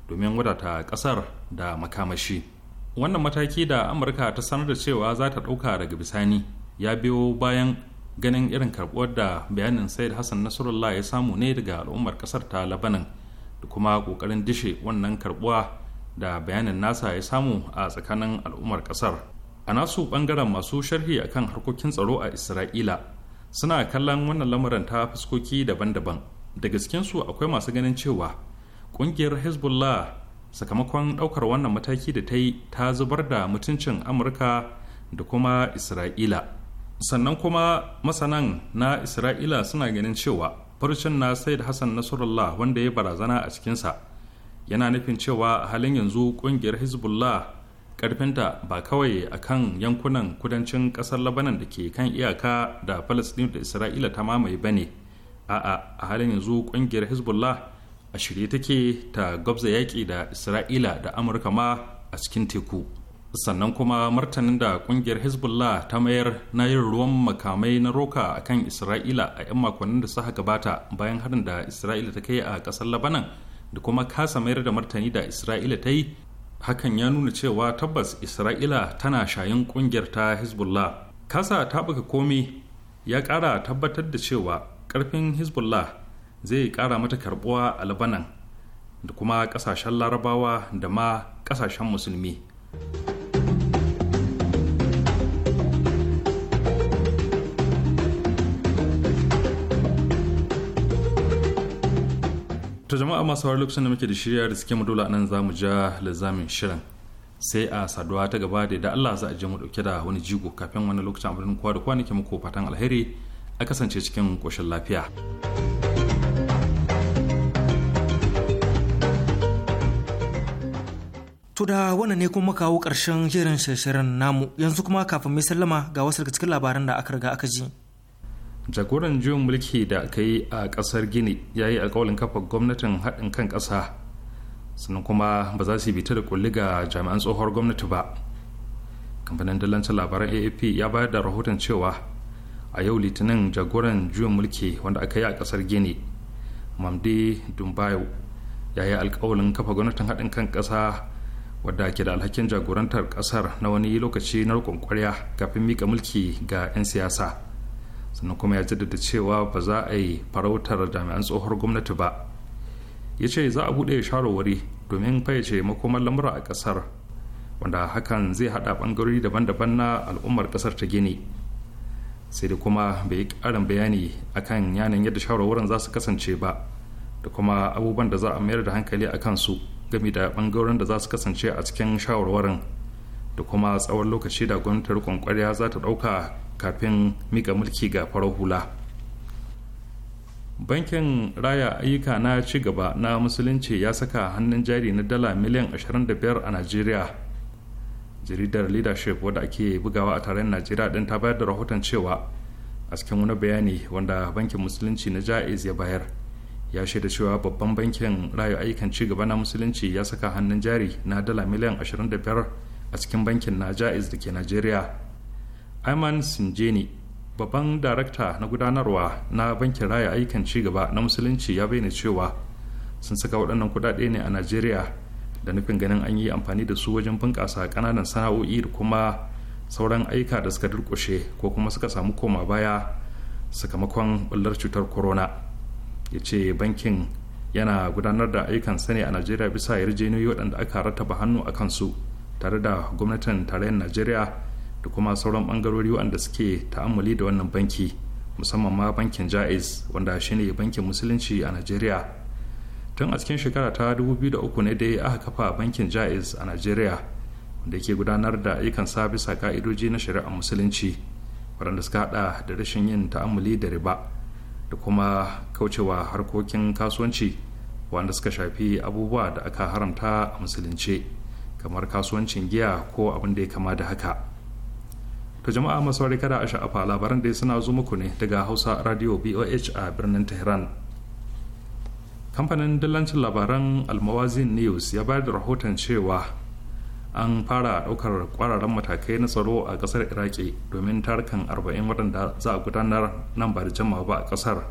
domin wadata kasar da makamashi wannan mataki da amurka ta sanar da cewa za ta ɗauka daga bisani ya biyo bayan ganin irin karbuwar da bayanin said hassan nasarullah ya samu ne daga al'ummar kasar ta labanan da kuma ƙoƙarin dishe wannan karbuwa da bayanin nasa ya samu a tsakanin al'ummar kasar a nasu ɓangaren masu sharhi akan harkokin tsaro a isra'ila suna kallon wannan lamuran ta fuskoki daban-daban gaske su akwai masu ganin cewa ƙungiyar hezbollah sakamakon ɗaukar wannan mataki da ta yi ta zubar da mutuncin amurka da kuma isra'ila sannan kuma masanan na isra'ila suna ganin cewa farcin na said hassan nasrullah wanda ya barazana a cikinsa yana nufin cewa a halin yanzu ƙungiyar hezbollah karfinta ba kawai a kan yankunan kudancin ƙasar labanan da ke kan iyaka da falasɗin da isra'ila ta mamaye ba ne a'a a halin yanzu kungiyar hezbollah a shirye take ta gwabza yaƙi da isra'ila da amurka ma a cikin teku sannan kuma martanin da kungiyar hezbollah ta mayar na yin ruwan makamai na roka a kan isra'ila a 'yan makonnin da suka gabata bayan harin da isra'ila ta kai a ƙasar labanan da kuma kasa mayar da martani da isra'ila ta yi hakan ya nuna cewa tabbas isra'ila tana shayin kungiyar ta hezbollah kasa ta buga komai ya ƙara tabbatar da cewa karfin hezbollah zai kara mata karbuwa a labanan da kuma kasashen larabawa da ma kasashen musulmi ta jama'a masu hawar lokacin da muke da shirya da suke dole nan za mu ja lizamin shirin sai a saduwa ta gaba da Allah za a je mu dauke da wani jigo kafin wani lokacin abin kowa da kwanaki muku fatan alheri a kasance cikin ƙoshin lafiya. tuda da wannan ne kuma kawo ƙarshen shirin shirin namu yanzu kuma kafin mai sallama ga wasu daga cikin labaran da aka riga aka ji. Jagoran juyin mulki da aka yi a ƙasar Gini ya yi alƙawalin kafa gwamnatin haɗin kan ƙasa sannan kuma ba za su yi bita da kulli ga jami'an tsohuwar gwamnati ba. Kamfanin dalancin labaran AAP ya bayar da rahoton cewa a yau litinin jagoran juyin mulki wanda aka yi a kasar gini mamdi dumbayo ya yi alkawalin kafa gwamnatin haɗin kan ƙasa wadda ke da alhakin jagorantar ƙasar na wani lokaci na rukun kwarya kafin mika mulki ga 'yan siyasa sannan kuma ya jaddada cewa ba za a yi farautar jami'an tsohuwar gwamnati ba ya ce za a buɗe shawarwari domin fayyace makomar lamura a ƙasar wanda hakan zai haɗa ɓangarori daban-daban na al'ummar ƙasar ta gini sai da kuma bai yi ƙarin bayani akan yanayin yadda shawarwarin za su kasance ba da kuma abubuwan da za a mayar da hankali a kansu game da bangaren da za su kasance a cikin shawarwarin da kuma tsawon lokaci da gwamnatar kwankwariya za ta ɗauka kafin mika mulki ga farar hula bankin raya ayyuka na ci gaba na musulunci ya saka hannun jari na dala miliyan 25 a najeriya jaridar leadership wadda ake bugawa a tarayyar najeriya din ta bayar da rahoton cewa a cikin wani bayani wanda bankin musulunci na ja'iz ya bayar ya shaida cewa babban bankin rayu ayyukan ci gaba na musulunci ya saka hannun jari na dala miliyan 25 a cikin bankin na ja'iz da ke najeriya ayman sinjeni babban darakta na gudanarwa na bankin rayu ayyukan ci gaba na musulunci ya bayyana cewa sun saka waɗannan kuɗaɗe ne a najeriya da nufin ganin an yi amfani da su wajen bunƙasa ƙananan sana'o'i da kuma sauran aika da suka durƙushe ko kuma suka samu koma baya sakamakon ɓullar cutar corona ya ce bankin yana gudanar da ayyukan sani a najeriya bisa yarjejeniyoyi waɗanda aka rattaba hannu a kansu tare da gwamnatin tarayyar najeriya da kuma sauran ɓangarori waɗanda suke ta'ammali da wannan banki musamman ma bankin ja'iz wanda shine bankin musulunci a najeriya tun a cikin shekara ta 2003 ne dai aka kafa bankin jaiz a nigeria wanda ke gudanar da ayyukan sabisa a ka'idoji na shari'a musulunci waɗanda suka hada da rashin yin ta'amuli da riba da kuma kaucewa harkokin kasuwanci wanda suka shafi abubuwa da aka haramta a musulunce kamar kasuwancin giya ko abin da ya kama da haka ta jama'a masu kada a sha'afa labaran da suna zo muku ne daga hausa radio boh a birnin tehran kamfanin dillancin labaran almawazin news ya bayar da rahoton cewa an fara daukar kwararren matakai na tsaro a kasar iraki domin tarukan 40 waɗanda za a gudanar nan ba da jama'a ba a kasar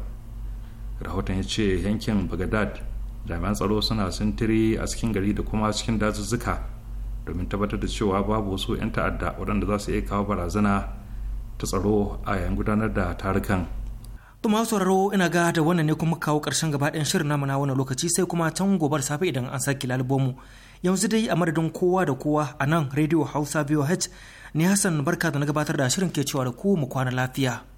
rahoton ya ce yankin bagdad jami'an tsaro suna sintiri a cikin gari da kuma cikin dazuzzuka domin tabbatar da cewa babu wasu 'yan ta'adda waɗanda za su iya kawo barazana ta tsaro a yayin gudanar da tarukan To masu sauraro ina ga da wannan ne kuma kawo ƙarshen gaba ɗayan shirin namu na wannan lokaci sai kuma can gobar safe idan an sake lalbomu. Yanzu dai a madadin kowa da kowa a nan Radio Hausa VOH ne Hassan barka da na gabatar da shirin ke cewa da ku mu kwana lafiya.